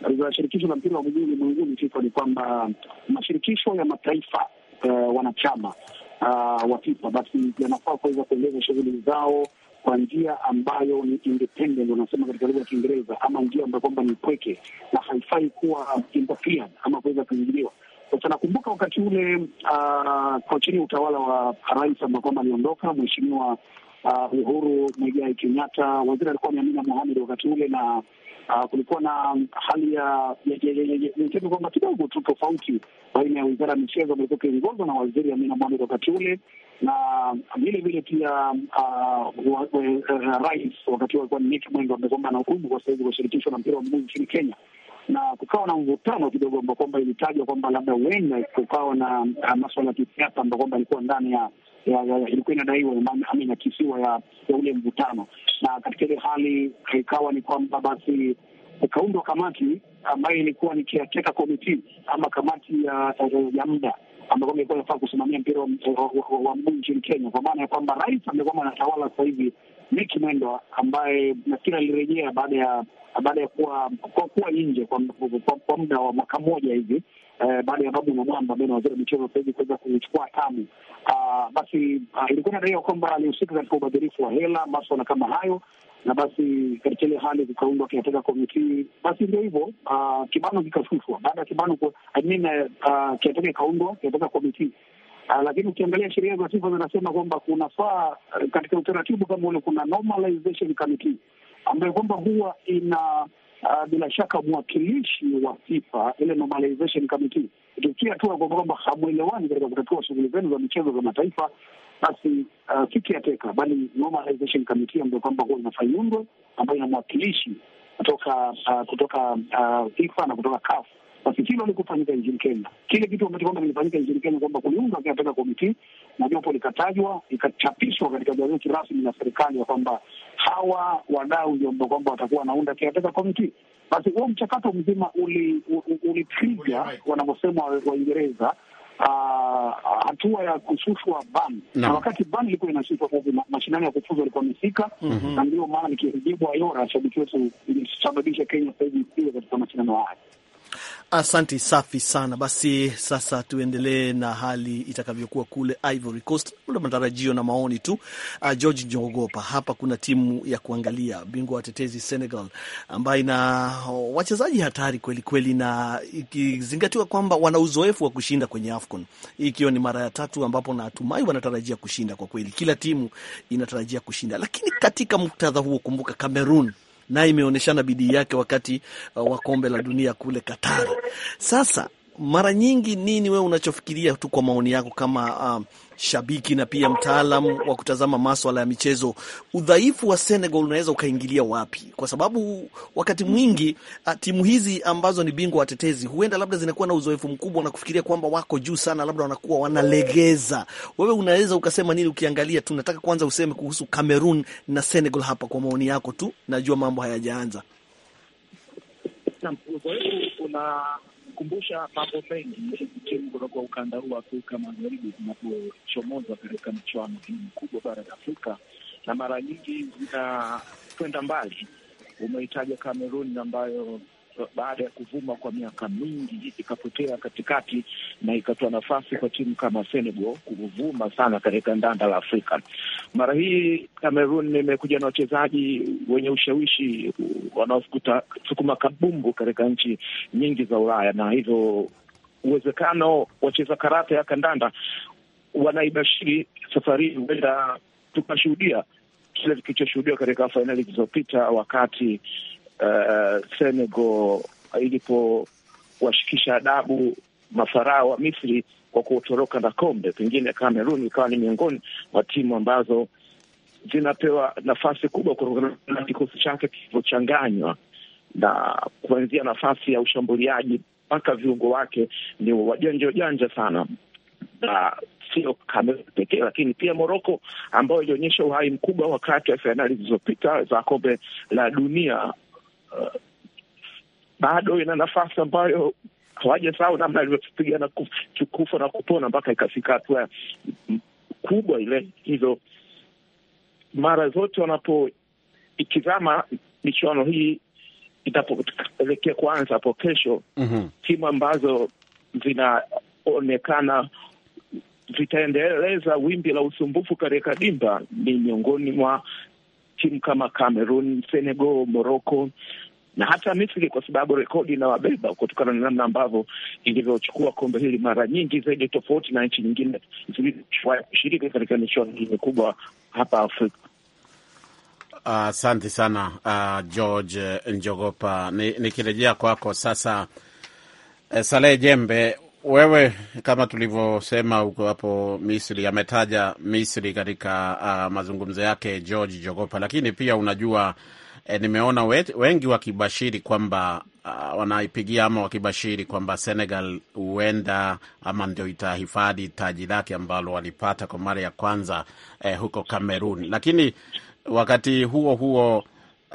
za shirikisho la mpira wa miguu ulimwenguni FIFA ni kwamba mashirikisho ya mataifa uh, wanachama uh, wa FIFA basi yanafaa kuweza kuendeleza shughuli zao kwa njia ambayo ni independent wanasema katika lugha ya Kiingereza, ama njia ambayo kwamba ni pweke na haifai kuwa interfered ama kuweza kuingiliwa. Sasa nakumbuka wakati ule uh, kwa chini ya utawala wa rais ambaye kwamba aliondoka mheshimiwa uh, Uhuru Mwigai Kenyatta, waziri alikuwa Amina Mohamed wakati ule na uh, kulikuwa na hali ya niseme kwamba kidogo tu tofauti baina ya wizara ya michezo ambayo ikiongozwa na waziri Amina Mohamed wakati ule na vile vile pia uh, uh, rais wakati alikuwa ni Nick Mwendo ambaye kwamba anahudumu kwa sahizi kwa shirikisho la mpira wa miguu nchini Kenya na kukawa na mvutano kidogo ambao kwamba ilitajwa kwamba labda huenda kukawa na uh, maswala ya kisiasa ambao kwamba alikuwa ndani ya ilikuwa inadaiwa ama inakisiwa ya ule mvutano, na katika ile hali ikawa ni kwamba basi ikaundwa kamati ambayo ilikuwa ni caretaker committee ama kamati ya ya muda ambayo ilikuwa inafaa kusimamia mpira wa mguu nchini Kenya, kwa maana ya kwamba rais amekuwa anatawala sasa hivi Mwendwa ambaye nafikiri alirejea baada ya baada ya kuwa kuwa nje kwa muda wa mwaka mmoja hivi eh, baada ya babu na mwamba ambaye ni waziri wa michezo sasa hivi kuweza kuichukua hatamu. Uh, ah, basi uh, ilikuwa inadaiwa kwamba alihusika katika ubadhirifu wa hela, maswala kama hayo, na basi katika ile hali kukaundwa kinataka komiti, basi ndio hivyo uh, kibano kikashushwa. Baada ya kibano uh, eh, kinataka ikaundwa kinataka komiti Uh, lakini ukiangalia sheria za FIFA zinasema kwamba kunafaa uh, katika utaratibu kama ule kuna normalization committee ambayo kwamba huwa ina uh, bila shaka mwakilishi wa FIFA ile normalization committee ikifikia hatua kwa kwamba hamwelewani katika kutatua shughuli zenu za michezo za mataifa, basi ah, kiki uh, yateka bali normalization committee ambayo kwamba huwa inafanyundwa ambayo ina mwakilishi kutoka uh, kutoka uh, FIFA na kutoka CAF. Basi hilo likufanyika nchini Kenya, kile kitu ambacho kwamba kilifanyika nchini Kenya kwamba kuliunga kinataka komitii na jopo likatajwa, ikachapishwa katika gazeti rasmi la serikali ya kwamba hawa wadau ndio kwamba watakuwa wanaunda caretaker committee. Basi huo mchakato mzima ulitriga wanavyosema Waingereza ah, hatua ya kushushwa ban na wakati ban ilikuwa inashushwa mashindano ya kufuzu alikuwa amefika, mhm. na ndio maana nikijibu Ayora shabiki wetu ilisababisha Kenya sasa iwe katika mashindano haya. Asanti, safi sana. Basi sasa tuendelee na hali itakavyokuwa kule Ivory Coast, ule matarajio na maoni tu. Uh, George Njogopa, hapa kuna timu ya kuangalia, bingwa watetezi Senegal, ambayo ina wachezaji hatari kweli kweli, na ikizingatiwa kwamba wana uzoefu wa kushinda kwenye AFCON, hii ikiwa ni mara ya tatu ambapo natumai wanatarajia kushinda. Kwa kweli kila timu inatarajia kushinda, lakini katika muktadha huo, kumbuka Cameroon naye imeonyeshana bidii yake wakati uh, wa kombe la dunia kule Katari. Sasa mara nyingi nini, wewe unachofikiria tu kwa maoni yako kama uh, shabiki na pia mtaalam wa kutazama maswala ya michezo, udhaifu wa Senegal unaweza ukaingilia wapi? Kwa sababu wakati mwingi timu hizi ambazo ni bingwa watetezi huenda labda zinakuwa na uzoefu mkubwa na kufikiria kwamba wako juu sana, labda wanakuwa wanalegeza. Wewe unaweza ukasema nini ukiangalia tu? Nataka kwanza useme kuhusu Cameroon na Senegal hapa, kwa maoni yako tu, najua mambo hayajaanza. Uzoefu kukumbusha mambo mengi timu kutoka ukanda huu wa Afrika Magharibi zinapochomoza katika michuano hii mikubwa barani Afrika na mara nyingi zinakwenda mbali. Umeitaja Kamerun ambayo baada ya kuvuma kwa miaka mingi ikapotea katikati na ikatoa nafasi kwa timu kama Senegal kuvuma sana katika ndanda la Afrika. Mara hii Cameroon imekuja na wachezaji wenye ushawishi wanaosukuma kabumbu katika nchi nyingi za Ulaya, na hivyo uwezekano wacheza karata ya kandanda wanaibashiri safari, huenda tukashuhudia kile kilichoshuhudiwa katika fainali zilizopita wakati uh, eh, eh, Senegal ilipowashikisha adabu mafarao wa Misri kwa kuotoroka na kombe. Pengine Kamerun ikawa ni miongoni mwa timu ambazo zinapewa nafasi kubwa kutokana na kikosi chake kilivyochanganywa, na kuanzia nafasi ya ushambuliaji mpaka viungo wake ni wajanja wajanja sana, na sio pekee, lakini pia Moroko ambayo ilionyesha uhai mkubwa wakati wa fainali zilizopita za kombe la dunia Uh, bado ina nafasi ambayo hawajasahau namna alivyopigana kufa na kupona mpaka ikafika hatua kubwa ile. Hivyo mara zote ikizama michuano hii itapoelekea kuanza hapo kesho, mm -hmm. timu ambazo zinaonekana zitaendeleza wimbi la usumbufu katika dimba ni miongoni mwa timu kama Cameroon, Senegal, Morocco na hata Misri kwa sababu rekodi inawabeba kutokana na namna ambavyo ilivyochukua kombe hili mara nyingi zaidi, tofauti na nchi nyingine zilizowahi kushiriki katika michuano hii mikubwa hapa Afrika. Asante uh, sana uh, George Njogopa. Nikirejea ni kwako sasa, eh, Saleh Jembe, wewe kama tulivyosema huko hapo Misri, ametaja Misri katika uh, mazungumzo yake George Jogopa, lakini pia unajua eh, nimeona we, wengi wakibashiri kwamba uh, wanaipigia ama wakibashiri kwamba Senegal huenda ama ndio itahifadhi taji lake ambalo walipata kwa mara ya kwanza eh, huko Kamerun, lakini wakati huo huo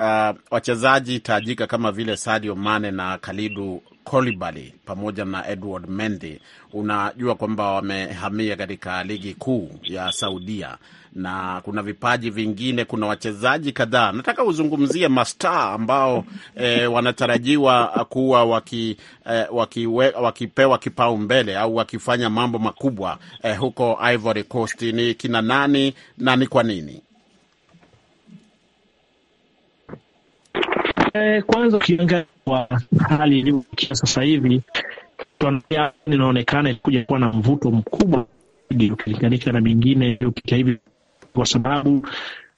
Uh, wachezaji tajika kama vile Sadio Mane na Kalidu Kolibali pamoja na Edward Mendy. Unajua kwamba wamehamia katika ligi kuu ya Saudia na kuna vipaji vingine, kuna wachezaji kadhaa. Nataka uzungumzie mastaa ambao e, wanatarajiwa kuwa waki, e, eh, wakiwe, wakipewa kipaumbele au wakifanya mambo makubwa e, huko Ivory Coast. Ni kina nani na ni kwa nini? Eh, kwanza ukiangalia kwa hali ilivyofikia sasa hivi inaonekana ilikuja kuwa na mvuto mkubwa ukilinganisha na mingine iliyopita hivi, kwa sababu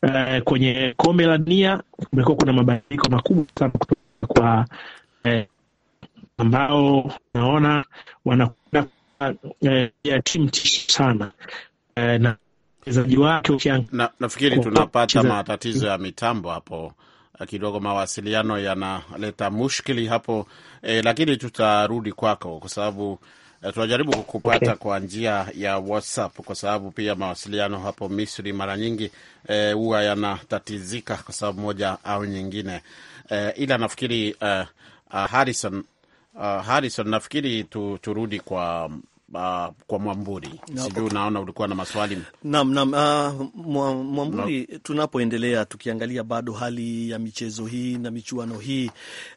eh, kwenye kombe la dunia kumekuwa kuna mabadiliko makubwa sana kutoka kwa eh, ambao naona wanakwenda eh, timu tisa sana eh, na wachezaji wake. Nafikiri tunapata matatizo ya mitambo hapo kidogo mawasiliano yanaleta mushkili hapo e, lakini tutarudi kwako kwa sababu eh, tunajaribu kukupata okay, kwa njia ya WhatsApp kwa sababu pia mawasiliano hapo Misri mara nyingi eh, huwa e, yanatatizika kwa sababu moja au nyingine e, ila nafikiri uh, uh, Harrison, uh, Harrison nafikiri tu, turudi kwa uh, kwa Mwamburi no. Sijui unaona ulikuwa na maswali nam nam uh, ah, Mwamburi no. Tunapoendelea tukiangalia bado hali ya michezo hii na michuano hii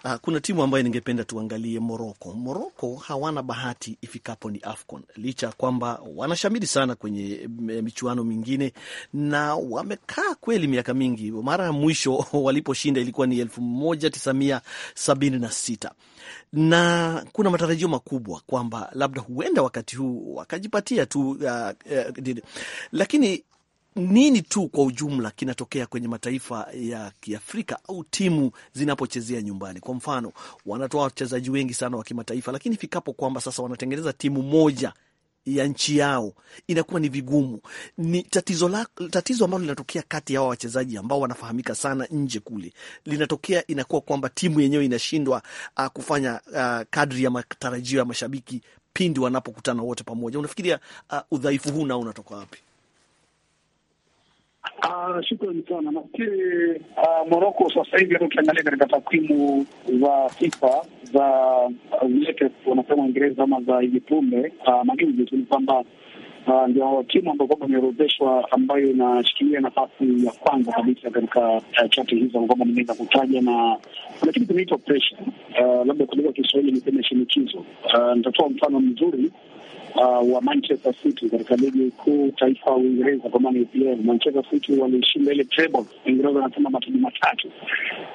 uh, kuna timu ambayo ningependa tuangalie Moroko. Moroko hawana bahati ifikapo ni AFCON licha ya kwamba wanashamiri sana kwenye eh, michuano mingine na wamekaa kweli miaka mingi. Mara ya mwisho (laughs) waliposhinda ilikuwa ni elfu moja tisamia sabini na sita na kuna matarajio makubwa kwamba labda huenda wakati huu wakajipatia tu uh, uh, lakini nini tu kwa ujumla kinatokea kwenye mataifa ya Kiafrika au timu zinapochezea nyumbani. Kwa mfano, wanatoa wachezaji wengi sana wa kimataifa, lakini ifikapo kwamba sasa wanatengeneza timu moja ya nchi yao inakuwa ni vigumu. Ni tatizo, la, tatizo ambalo linatokea kati ya wa wachezaji ambao wanafahamika sana nje kule, linatokea inakuwa kwamba timu yenyewe inashindwa uh, kufanya uh, kadri ya matarajio ya mashabiki pindi wanapokutana wote pamoja. Unafikiria uh, udhaifu huu nao unatoka wapi? Uh, shukrani sana. Nafikiri uh, ah, Moroko sasa hivi hata ukiangalia katika takwimu za FIFA za ah, wanasema Uingereza ama za hivi punde uh, majuzi tu ni kwamba Uh, ndio timu ambayo kwamba imeorodheshwa ambayo inashikilia nafasi ya kwanza kabisa katika uh, chati hizo kwamba nimeweza kutaja, na lakini kunaitwa pressure, labda kwa Kiswahili niseme shinikizo. Nitatoa mfano mzuri uh, wa Manchester City katika ligi kuu taifa wa Uingereza kwa maana EPL. Manchester City walishinda ile treble, Uingereza wanasema mataji matatu,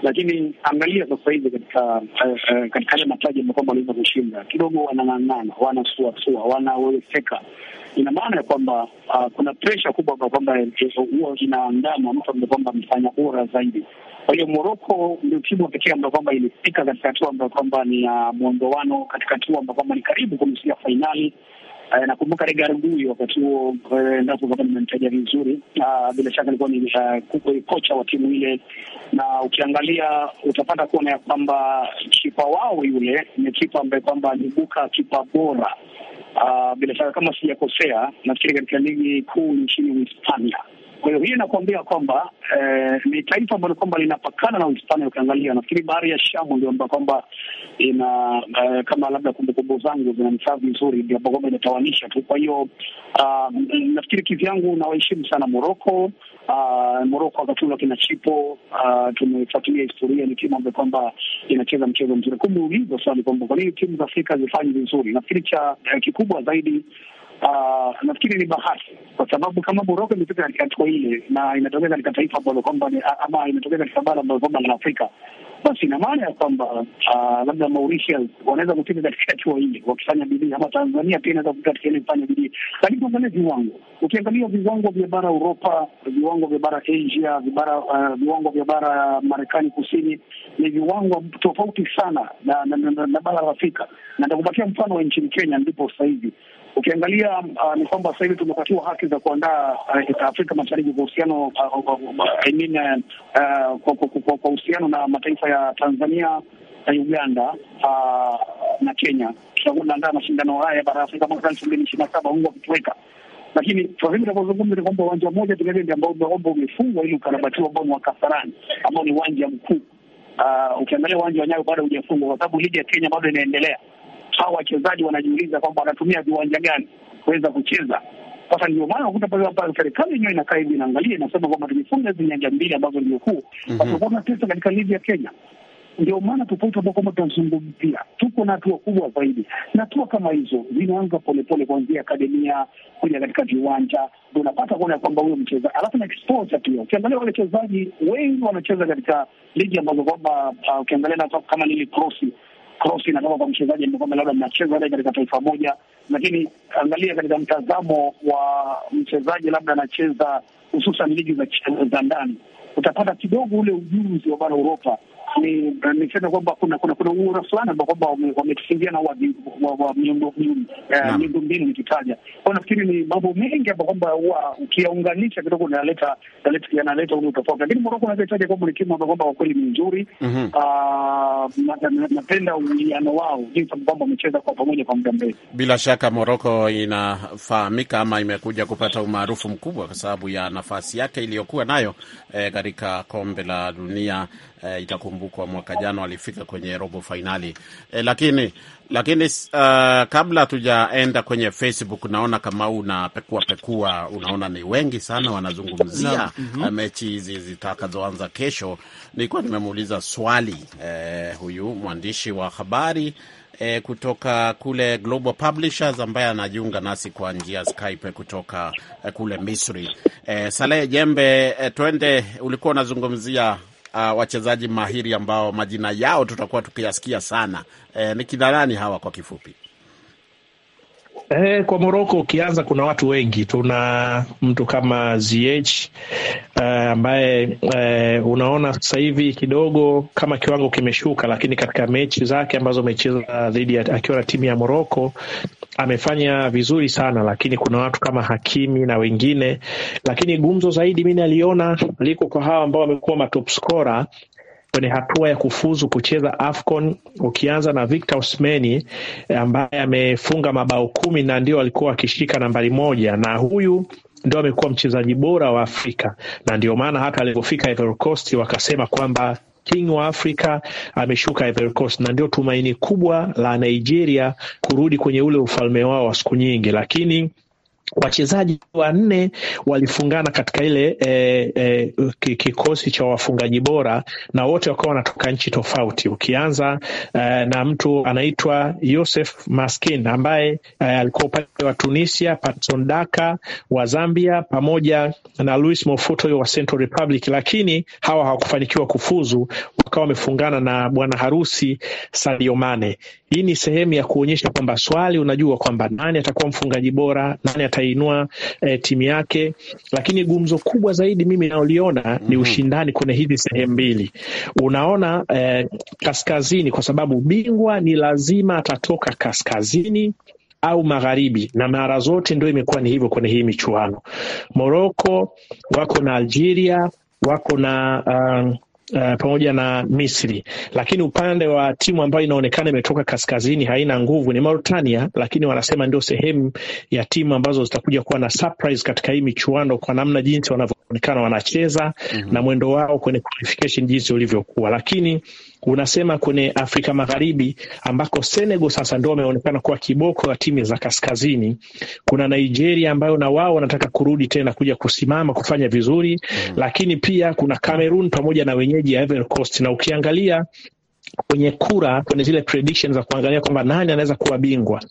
lakini angalia sasa hivi katika uh, uh, katika yale mataji ambayo kwamba waliweza kushinda, kidogo wanang'ang'ana, wanasuasua, wanaweseka. Ina maana ya kwamba uh, kuna presha kubwa kwa kwamba eh, huwa inaandama mtu ambaye kwamba amefanya bora zaidi. Kwa hiyo Moroko ndio timu pekee ambayo kwamba ilifika katika hatua ambayo kwamba ni ya uh, mwondoano, katika hatua ambayo kwamba ni karibu kumsia fainali Uh, nakumbuka Regar Gui wakati huo endapo eh, uh, kama nimemtaja vizuri uh, bila shaka alikuwa ni uh, kocha wa timu ile, na ukiangalia utapata kuona ya kwamba kipa wao yule ni kipa ambaye kwamba alibuka kipa bora uh, bila shaka kama sijakosea, nafikiri katika ligi kuu nchini Uhispania kwa hiyo hii inakuambia kwamba eh, ni taifa ambalo kwamba linapakana na Uhispania. Ukiangalia nafikiri bahari ya Shamu ndio ambayo kwamba ina eh, kama labda kumbukumbu zangu zinanifaa vizuri, ndio ambayo kwamba inatawanisha tu. Kwa hiyo um, nafikiri kivyangu nawaheshimu sana Moroko. Uh, ah, Moroko wakati ule wakina Chipo uh, ah, tumefuatilia historia, ni timu ambayo kwamba inacheza mchezo mzuri. Kumuuliza swali kwamba kwa nini timu za Afrika zifanyi vizuri, nafikiri cha eh, kikubwa zaidi Uh, nafikiri ni bahati kwa sababu kama Moroko imetoka katika hatua ile na inatokea katika taifa ambalo kwamba ama inatokea katika bara ambalo kwamba la Afrika, basi ina maana ya kwamba uh, labda Mauritius wanaweza kufika katika hatua ile wakifanya bidii, ama Tanzania pia inaweza kufika katika ile kufanya bidii. Lakini tuangalie viwango, ukiangalia viwango vya bara Uropa, viwango vya bara Asia, vibara, uh, ah, viwango vya bara Marekani kusini ni viwango tofauti sana na, na, na, na bara la Afrika, na nitakupatia mfano wa nchini Kenya ndipo sasa hivi Ukiangalia uh, ni kwamba sasa hivi tumepatiwa haki za kuandaa uh, Afrika Mashariki kwa uhusiano uh, uh, kwa uhusiano na mataifa ya Tanzania na Uganda uh, na Kenya. Tutakuwa tunaandaa mashindano haya bara Afrika mwaka elfu mbili ishirini na saba Mungu akituweka lakini sasa hivi tunavyozungumza ni kwamba uwanja mmoja vilevile ambao kwamba umefungwa ili ukarabatiwa ambao ni wa Kasarani ambao ni uwanja mkuu. Uh, ukiangalia uwanja wa Nyayo bado hujafungwa kwa sababu ligi ya Kenya bado inaendelea hawa wachezaji wanajiuliza kwamba wanatumia viwanja gani kuweza kucheza. Sasa ndio maana unakuta pale hapa serikali yenyewe inakaa hivi inaangalia, inasema kwamba tumefunga hizi nyanja mbili ambazo ndio kuu, mhm. watakuwa tesa katika ligi ya Kenya. Ndio maana tofauti ambao kwamba tunazungumzia, tuko na hatua kubwa zaidi, na hatua kama hizo zinaanza polepole, kuanzia akademia kuja katika viwanja, ndio unapata kuona kwamba huyo mchezaji alafu na exposure pia. Ukiangalia wale wachezaji wengi wanacheza katika ligi ambazo kwamba, uh, ukiangalia uh, na kama lili krosi cross inatoka kwa mchezaji ambaye kwamba labda mnacheza hata katika taifa moja, lakini angalia katika mtazamo wa mchezaji labda anacheza hususan ligi za, za ndani utapata kidogo ule ujuzi wa bara Uropa niseme kwamba kuna kuna kuna uono fulani ambao kwamba wamekisingiana wa miundo eh, mbinu nikitaja kwao, nafikiri ni mambo mengi ambao kwamba huwa ukiyaunganisha kidogo yanaleta yanaleta ule tofauti, lakini Moroko unaweza itaja kwamba ni timu ambao kwamba kwa kweli ni nzuri. Mhm. Ah, napenda uwiano wao jinsi ambao kwamba wamecheza kwa pamoja kwa muda mrefu. Bila shaka Moroko inafahamika ama imekuja kupata umaarufu mkubwa kwa sababu ya nafasi yake iliyokuwa nayo eh, katika kombe la dunia eh, itakumbuka Itakumbukwa mwaka jana walifika kwenye robo fainali e, eh, lakini lakini uh, kabla hatujaenda kwenye Facebook naona kama unapekua pekua, unaona ni wengi sana wanazungumzia mm -hmm. mechi hizi zitakazoanza kesho. Nilikuwa nimemuuliza swali eh, huyu mwandishi wa habari E, kutoka kule Global Publishers ambaye anajiunga nasi kwa njia Skype kutoka e, kule Misri. E, Saleh Jembe, e, twende, ulikuwa unazungumzia uh, wachezaji mahiri ambao majina yao tutakuwa tukiyasikia sana. E, ni kina hawa kwa kifupi? Eh, kwa Moroko ukianza kuna watu wengi. Tuna mtu kama ZH eh, ambaye uh, unaona sasa hivi kidogo kama kiwango kimeshuka, lakini katika mechi zake ambazo amecheza dhidi akiwa na timu ya Moroko amefanya vizuri sana, lakini kuna watu kama Hakimi na wengine, lakini gumzo zaidi mi naliona liko kwa hawa ambao wamekuwa matop scorer kwenye hatua ya kufuzu kucheza AFCON ukianza na Victor Osimhen eh, ambaye amefunga mabao kumi na ndio alikuwa akishika nambari moja, na huyu ndo amekuwa mchezaji bora wa Afrika na ndio maana hata alivyofika Ivory Coast wakasema kwamba King wa Afrika ameshuka Ivory Coast, na ndio tumaini kubwa la Nigeria kurudi kwenye ule ufalme wao wa siku nyingi, lakini wachezaji wanne walifungana katika ile e, e, kikosi cha wafungaji bora na wote wakawa wanatoka nchi tofauti. Ukianza e, na mtu anaitwa Yosef Maskin ambaye e, alikuwa upande wa Tunisia, Patson Daka wa Zambia pamoja na Luis Mofuto wa Central Republic, lakini hawa hawakufanikiwa kufuzu, wakawa wamefungana na bwana harusi Sadio Mane. Hii ni sehemu ya kuonyesha kwamba swali, unajua kwamba nani atakuwa mfungaji bora, nani atainua e, timu yake. Lakini gumzo kubwa zaidi mimi naoliona mm -hmm. ni mhm. ushindani kwenye hizi sehemu mbili. Unaona e, kaskazini, kwa sababu bingwa ni lazima atatoka kaskazini au magharibi, na mara zote ndio imekuwa ni hivyo kwenye hii michuano. Moroko wako na Algeria wako na um, uh, pamoja na Misri, lakini upande wa timu ambayo inaonekana imetoka kaskazini haina nguvu ni Mauritania, lakini wanasema ndio sehemu ya timu ambazo zitakuja kuwa na surprise katika hii michuano kwa namna jinsi wanavyoonekana wanacheza mm -hmm. na mwendo wao kwenye qualification jinsi ulivyokuwa, lakini unasema kwenye Afrika Magharibi ambako Senegal sasa ndo wameonekana kuwa kiboko wa timu za kaskazini. Kuna Nigeria ambayo na wao wanataka kurudi tena kuja kusimama kufanya vizuri mm. Lakini pia kuna Cameroon pamoja na wenyeji ya Ivory Coast, na ukiangalia kwenye kura, kwenye zile prediction za kuangalia kwamba nani anaweza kuwa bingwa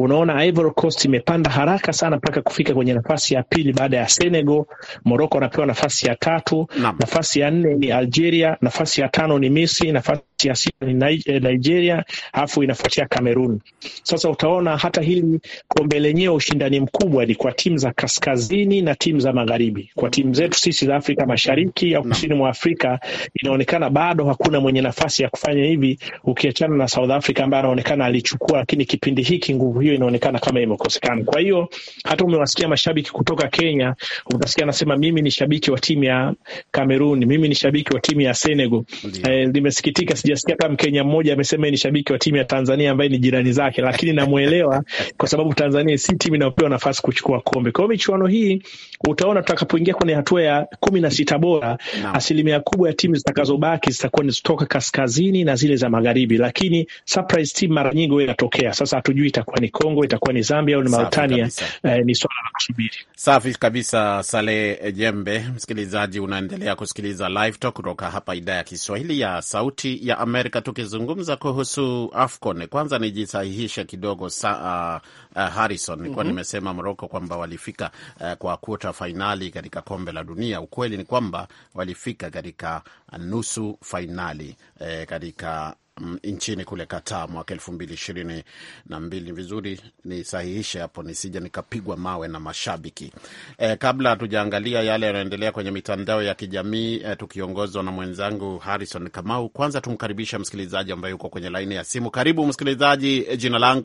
Unaona Ivory Coast imepanda haraka sana mpaka kufika kwenye nafasi ya pili baada ya Senegal. Moroko anapewa nafasi ya tatu na. Nafasi ya nne ni Algeria, nafasi ya tano ni Misri, nafasi ya sita ni eh, Nigeria, alafu inafuatia Cameroon. Sasa utaona hata hili kombe lenyewe ushindani mkubwa ni kwa timu za kaskazini na timu za magharibi. Kwa timu zetu sisi za Afrika Mashariki au kusini mwa Afrika inaonekana bado hakuna mwenye nafasi ya kufanya hivi, ukiachana na South Africa ambaye anaonekana alichukua, lakini kipindi hiki nguvu hiyo inaonekana kama imekosekana. Kwa hiyo hata umewasikia mashabiki kutoka Kenya, utasikia anasema mimi ni shabiki wa timu ya Cameroon, mimi ni shabiki wa timu ya Senegal. Eh, nimesikitika sijasikia hata Mkenya mmoja amesema ni shabiki wa timu ya Tanzania ambaye ni jirani zake, lakini namwelewa kwa sababu Tanzania si timu inayopewa nafasi kuchukua kombe. Kwa hiyo michuano hii utaona tutakapoingia kwenye hatua ya kumi na sita bora no. asilimia kubwa ya timu zitakazobaki zitakuwa ni kutoka kaskazini na zile za magharibi, lakini surprise team mara nyingi huwa inatokea. Sasa hatujui itakuwa ni Kongo, itakuwa ni Zambia au ni Mauritania. Eh, ni swala la kusubiri. Safi kabisa, Saleh Jembe. Msikilizaji, unaendelea kusikiliza Live Talk kutoka hapa idhaa ya Kiswahili ya Sauti ya Amerika, tukizungumza kuhusu AFCON. Kwanza nijisahihishe kidogo sa, uh, uh, Harrison nilikuwa mm -hmm. nimesema moroko kwamba walifika uh, kwa kuota fainali katika kombe la dunia. Ukweli ni kwamba walifika katika nusu fainali eh, katika Mm, nchini kule Kataa mwaka elfu mbili ishirini na mbili. Vizuri, nisahihishe hapo nisija nikapigwa mawe na mashabiki e. Kabla hatujaangalia yale yanayoendelea kwenye mitandao ya kijamii e, tukiongozwa na mwenzangu Harrison Kamau, kwanza tumkaribisha msikilizaji ambaye yuko kwenye laini ya simu. Karibu msikilizaji, eh, jina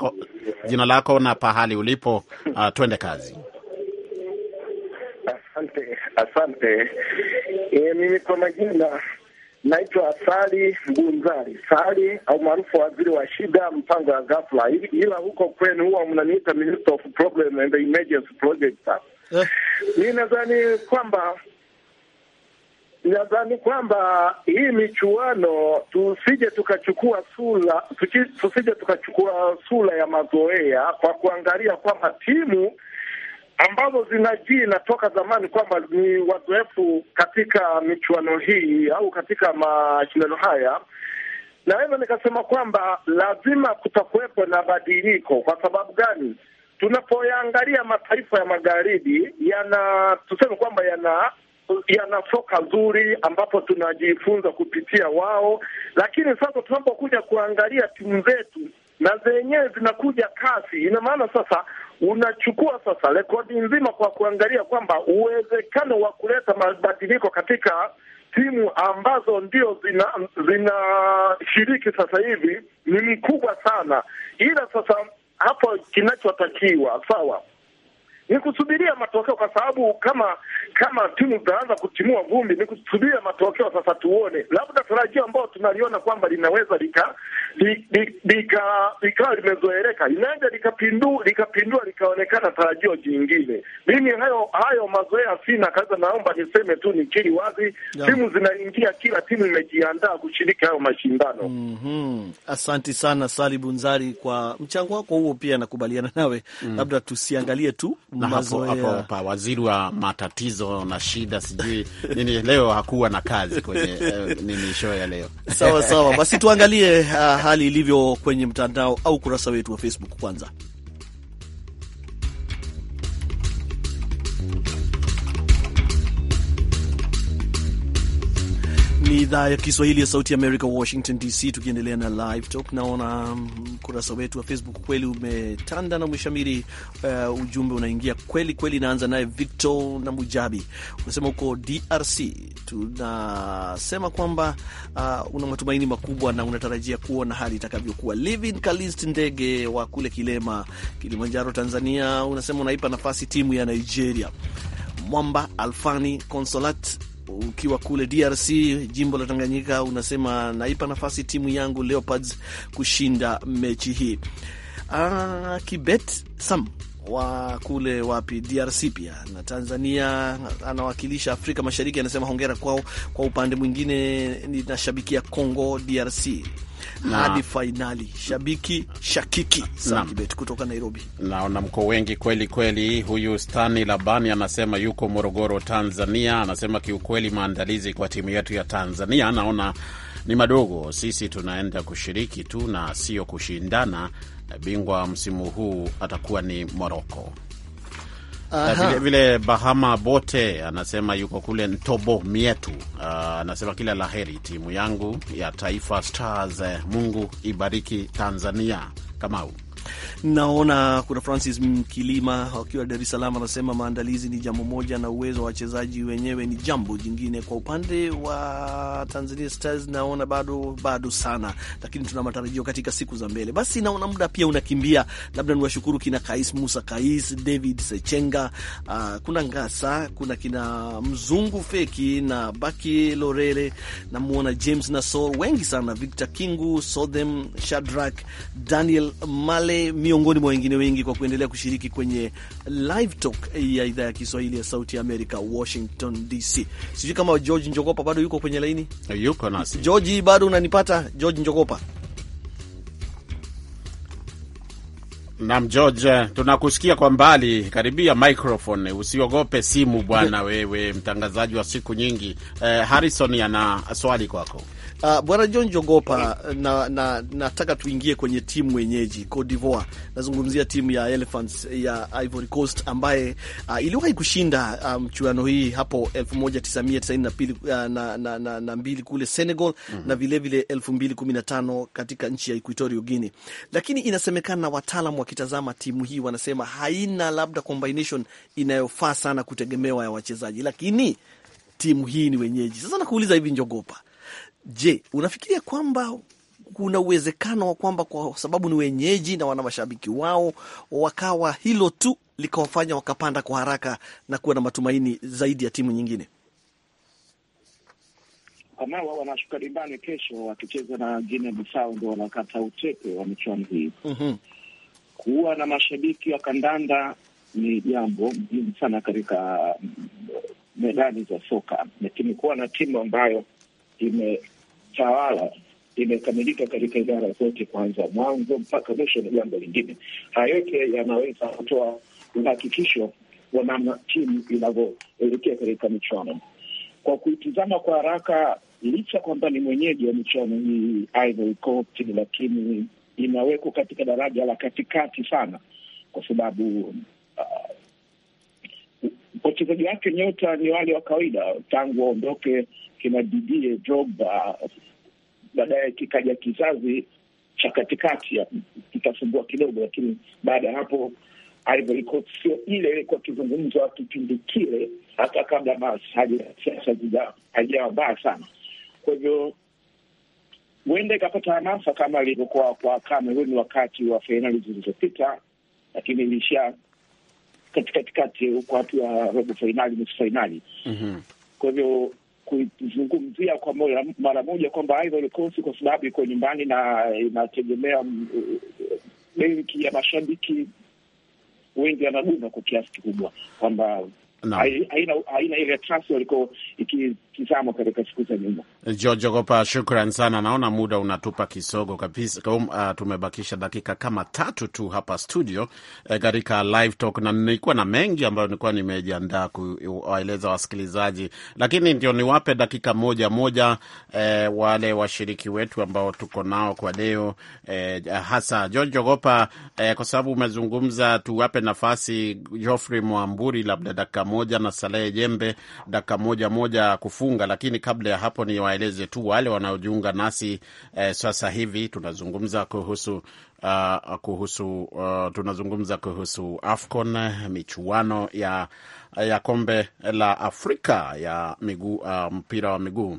jina lako na pahali ulipo. Uh, twende kazi. Asante, asante. E, mimi kwa majina Naitwa Sali Mbunzari Sali au maarufu waziri wa shida, mpango ya ghafla, ila huko kwenu huwa mnaniita Minister of Problem and Emergency Project. Eh, mi nadhani kwamba nadhani kwamba hii michuano tusije tukachukua sura, tusije tukachukua sura ya mazoea kwa kuangalia kwamba timu ambazo zinajii na toka zamani kwamba ni wazoefu katika michuano hii au katika mashindano haya. Naweza nikasema kwamba lazima kutakuwepo na badiliko. Kwa sababu gani? Tunapoyaangalia mataifa ya magharibi, yana tuseme kwamba yana yana soka zuri ambapo tunajifunza kupitia wao, lakini sasa tunapokuja kuangalia timu zetu na zenyewe zinakuja kasi, ina maana sasa unachukua sasa rekodi nzima kwa kuangalia kwamba uwezekano wa kuleta mabadiliko katika timu ambazo ndio zinashiriki zina sasa hivi ni mkubwa sana, ila sasa hapo kinachotakiwa sawa ni kusubiria matokeo, kwa sababu kama kama timu zitaanza kutimua vumbi, ni kusubiria matokeo. Sasa tuone, labda tarajio ambao tunaliona kwamba linaweza lika likawa limezoeleka linaenda likapindua likapindua likaonekana tarajio jingine. Mimi hayo hayo mazoea sina kaza, naomba niseme tu nikiri wazi yeah. Timu zinaingia, kila timu imejiandaa kushiriki hayo mashindano. mm -hmm. Asanti sana Sali Bunzari kwa mchango wako huo, pia nakubaliana nawe mm. Labda tusiangalie tu na hapo hapo pa waziri wa matatizo na shida sijui nini, leo hakuwa na kazi kwenye eh, nini show ya leo. Sawa sawa, basi tuangalie uh, hali ilivyo kwenye mtandao au kurasa wetu wa Facebook kwanza. ni idhaa ya Kiswahili ya Sauti ya Amerika, Washington DC, tukiendelea na Live Talk. Naona um, ukurasa wetu wa Facebook kweli umetanda na umeshamiri. Uh, ujumbe unaingia kweli kweli. Naanza naye Victor na Mujabi, unasema huko DRC tunasema kwamba uh, una matumaini makubwa na unatarajia kuona hali itakavyokuwa. Livin Kalist Ndege wa kule Kilema, Kilimanjaro, Tanzania, unasema unaipa nafasi timu ya Nigeria. Mwamba Alfani Consolat ukiwa kule DRC jimbo la Tanganyika, unasema naipa nafasi timu yangu Leopards kushinda mechi hii. Ah, Kibet Sam wa kule wapi DRC pia na Tanzania anawakilisha Afrika Mashariki, anasema hongera kwao. Kwa upande mwingine, ninashabikia Congo DRC hadi fainali. Shabiki shakiki Sakibet kutoka Nairobi. Naona mko wengi kweli kweli. Huyu Stani Labani anasema yuko Morogoro, Tanzania. Anasema kiukweli, maandalizi kwa timu yetu ya Tanzania naona ni madogo. Sisi tunaenda kushiriki tu na sio kushindana. Bingwa msimu huu atakuwa ni Moroko. Vilevile vile Bahama Bote anasema yuko kule Ntobo Mietu. Uh, anasema kila laheri timu yangu ya Taifa Stars. Mungu ibariki Tanzania. Kamau Naona kuna Francis Mkilima wakiwa Dar es Salaam anasema maandalizi ni jambo moja na uwezo wa wachezaji wenyewe ni jambo jingine. Kwa upande wa Tanzania Stars naona bado bado sana, lakini tuna matarajio katika siku za mbele. Basi naona muda pia unakimbia, labda niwashukuru kina Kais Musa Kais, David Sechenga, uh, kuna Ngasa, kuna kina Mzungu Feki na Baki Lorele, namuona James Nasor, wengi sana, Victor Kingu, Sodhem Shadrack, Daniel Male Sale miongoni mwa wengine wengi kwa kuendelea kushiriki kwenye live talk ya idhaa ya Kiswahili ya Sauti ya Amerika, Washington DC. Sijui kama George Njogopa bado yuko kwenye laini. Yuko nasi George, bado unanipata George Njogopa? Nam George, tunakusikia kwa mbali, karibia microphone. Usiogope simu bwana (laughs) wewe, mtangazaji wa siku nyingi. Eh, Harrison ana swali kwako. Uh, Bwana John Jogopa, na, na, nataka tuingie kwenye timu wenyeji Cote d'Ivoire. Nazungumzia timu ya Elephants ya Ivory Coast ambaye uh, iliwahi kushinda ah, mchuano um, hii hapo 1992 uh, na, na, na, na mbili kule Senegal mm -hmm. na vilevile 2015 katika nchi ya Equatorial Guinea, lakini inasemekana wataalam wakitazama timu hii wanasema haina labda combination inayofaa sana kutegemewa ya wachezaji, lakini timu hii ni wenyeji. Sasa nakuuliza hivi Njogopa, Je, unafikiria kwamba kuna uwezekano wa kwamba kwa sababu ni wenyeji na wana mashabiki wao wakawa hilo tu likawafanya wakapanda kwa haraka na kuwa na matumaini zaidi ya timu nyingine? Kamawa wanashuka dimbani kesho wakicheza na Guinea Bissau, ndo wanakata utepe wa michuano hii. mm -hmm. Kuwa na mashabiki wa kandanda ni jambo muhimu sana katika mm, medani za soka, lakini kuwa na timu ambayo ime tawala imekamilika katika idara zote, kuanza mwanzo mpaka mwisho. na jambo lingine. Haya yote yanaweza kutoa uhakikisho wa namna timu inavyoelekea katika michuano. Kwa kuitizama kwa haraka, licha kwamba ni mwenyeji wa michuano hii Ivory Coast, lakini inawekwa katika daraja la katikati sana, kwa sababu wachezaji wake nyota ni wale wa kawaida tangu waondoke kina Didier Drogba, baadaye kikaja kizazi cha katikati kitafungua kidogo, lakini baada ya hapo Ivory Coast sio ile ilikuwa kizungumzwa kipindi kile, hata kabla basi siasa baya sana. Kwa hivyo huenda ikapata hamasa kama ilivyokuwa kwa Kamerun wakati wa fainali zilizopita, lakini ilishia katikati huko hatua wa robo fainali, nusu fainali. Mhm. Kwa hivyo kuzungumzia kwa mara moja kwamba aidha ulikosi kwa sababu iko nyumbani na inategemea mm, benki ya mashabiki wengi wanaduna kwa kiasi kikubwa kwamba haina ile trust walikuwa iki kizamo katika siku za nyuma. George Ogopa, shukran sana. Naona muda unatupa kisogo kabisa. Um, Uh, tumebakisha dakika kama tatu tu hapa studio eh, katika uh, live talk, na nilikuwa na mengi ambayo nilikuwa nimejiandaa kuwaeleza wasikilizaji, lakini ndio niwape dakika moja moja, eh, wale washiriki wetu ambao tuko nao kwa leo eh, hasa George Ogopa eh, kwa sababu umezungumza, tuwape nafasi Geoffrey Mwamburi labda dakika moja na Salehe Jembe dakika moja moja kufu kufunga, lakini kabla ya hapo ni waeleze tu wale wanaojiunga nasi eh, sasa hivi tunazungumza kuhusu Uh, kuhusu uh, tunazungumza kuhusu AFCON michuano ya, ya kombe la Afrika ya miguu, uh, ah, mpira wa miguu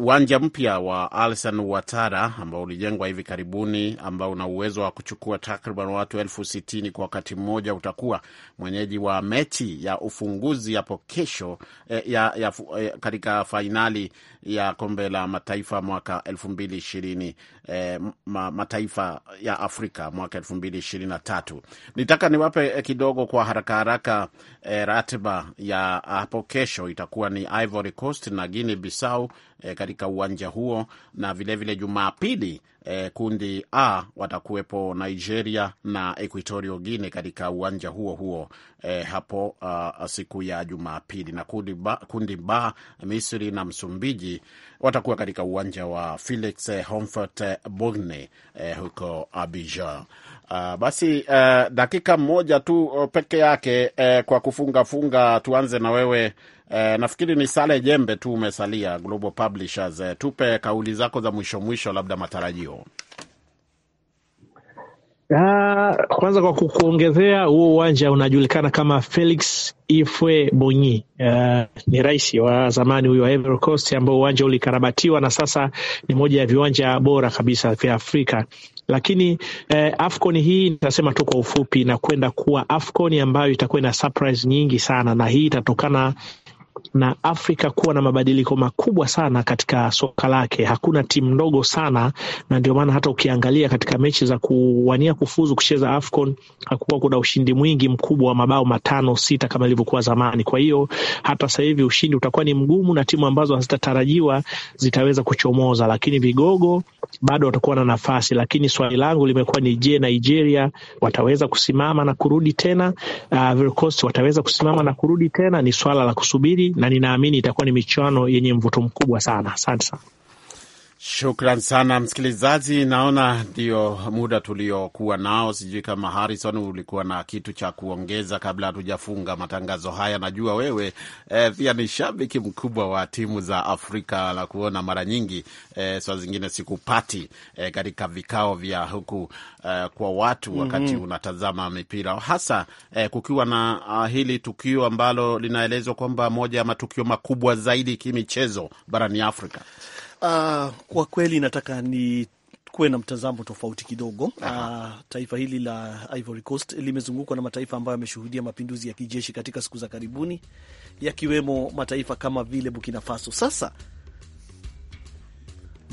Uwanja mpya wa Alsan watara ambao ulijengwa hivi karibuni, ambao una uwezo wa kuchukua takriban watu elfu sitini kwa wakati mmoja, utakuwa mwenyeji wa mechi ya ufunguzi hapo kesho eh, ya, ya, ya, eh, katika fainali ya kombe la mataifa mwaka elfu mbili ishirini eh, ma, mataifa ya Afrika mwaka elfu mbili ishirini na tatu. Nitaka niwape eh, kidogo kwa haraka haraka eh, ratiba ya hapo kesho. Itakuwa ni Ivory Coast na Guinea Bissau eh, katika uwanja huo, na vilevile Jumapili eh, kundi A watakuwepo Nigeria na Equatorial Guinea katika uwanja huo huo eh, hapo uh, siku ya Jumapili, na kundi ba, kundi ba Misri na Msumbiji watakuwa katika uwanja wa Felix homfort eh, eh, Bogne eh, huko Abidjan. Uh, basi uh, dakika moja tu peke yake uh, kwa kufunga funga, tuanze na wewe E, nafikiri ni Sale Jembe tu umesalia Global Publishers. E, tupe kauli zako za mwisho mwisho, labda matarajio. Ah, kwanza kwa kukuongezea huo uwanja unajulikana kama Felix Ifwe Bonyi. Uh, ni rais wa zamani huyo wa Ivory Coast ambao uwanja ulikarabatiwa na sasa ni moja ya viwanja bora kabisa vya Afrika lakini eh, AFCON hii nitasema tu kwa ufupi, inakwenda kuwa AFCON ambayo itakuwa ina surprise nyingi sana, na hii itatokana na Afrika kuwa na mabadiliko makubwa sana katika soka lake. Hakuna timu ndogo sana, na ndio maana hata ukiangalia katika mechi za kuwania kufuzu kucheza AFCON hakukuwa kuna ushindi mwingi mkubwa wa mabao matano sita kama ilivyokuwa zamani. Kwa hiyo hata sasa hivi ushindi utakuwa ni mgumu, na timu ambazo hazitatarajiwa zitaweza kuchomoza, lakini vigogo bado watakuwa na nafasi. Lakini swali langu limekuwa ni je, Nigeria wataweza kusimama na kurudi tena? Uh, wataweza kusimama na kurudi tena? Ni swala la kusubiri hili na ninaamini itakuwa ni michuano yenye mvuto mkubwa sana. Asante sana. Shukran sana msikilizaji, naona ndio muda tuliokuwa nao. Sijui kama Harrison ulikuwa na kitu cha kuongeza kabla hatujafunga matangazo haya. Najua wewe e, pia ni shabiki mkubwa wa timu za Afrika la kuona mara nyingi e, saa zingine sikupati eh, katika vikao vya huku eh, kwa watu wakati mm -hmm. unatazama mipira hasa eh, kukiwa na ah, hili tukio ambalo linaelezwa kwamba moja ya matukio makubwa zaidi kimichezo barani Afrika. Uh, kwa kweli nataka ni kuwe na mtazamo tofauti kidogo. Uh, taifa hili la Ivory Coast limezungukwa na mataifa ambayo yameshuhudia mapinduzi ya kijeshi katika siku za karibuni, yakiwemo mataifa kama vile Burkina Faso. Sasa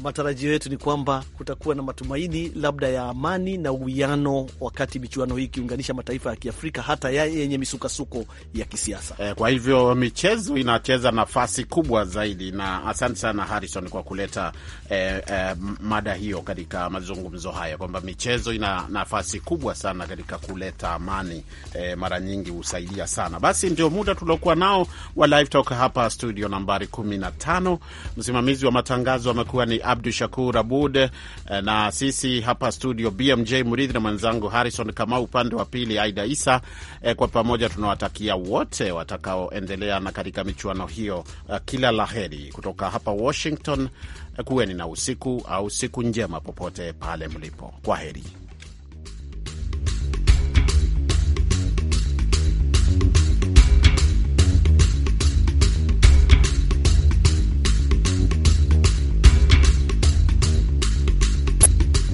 matarajio yetu ni kwamba kutakuwa na matumaini labda ya amani na uwiano wakati michuano hii ikiunganisha mataifa ya Kiafrika hata ya yenye misukasuko ya kisiasa. E, kwa hivyo michezo inacheza nafasi kubwa zaidi, na asante sana Harrison kwa kuleta e, e, mada hiyo katika mazungumzo haya kwamba michezo ina nafasi kubwa sana katika kuleta amani, e, mara nyingi husaidia sana. Basi ndio muda tuliokuwa nao wa Live Talk hapa studio nambari 15. Msimamizi wa matangazo amekuwa ni Abdu Shakur Abud eh, na sisi hapa studio BMJ mridhi na mwenzangu Harrison Kamau, upande wa pili Aida Isa. Eh, kwa pamoja tunawatakia wote watakaoendelea na katika michuano hiyo eh, kila la heri kutoka hapa Washington. Kuweni na usiku au siku njema popote pale mlipo, kwa heri.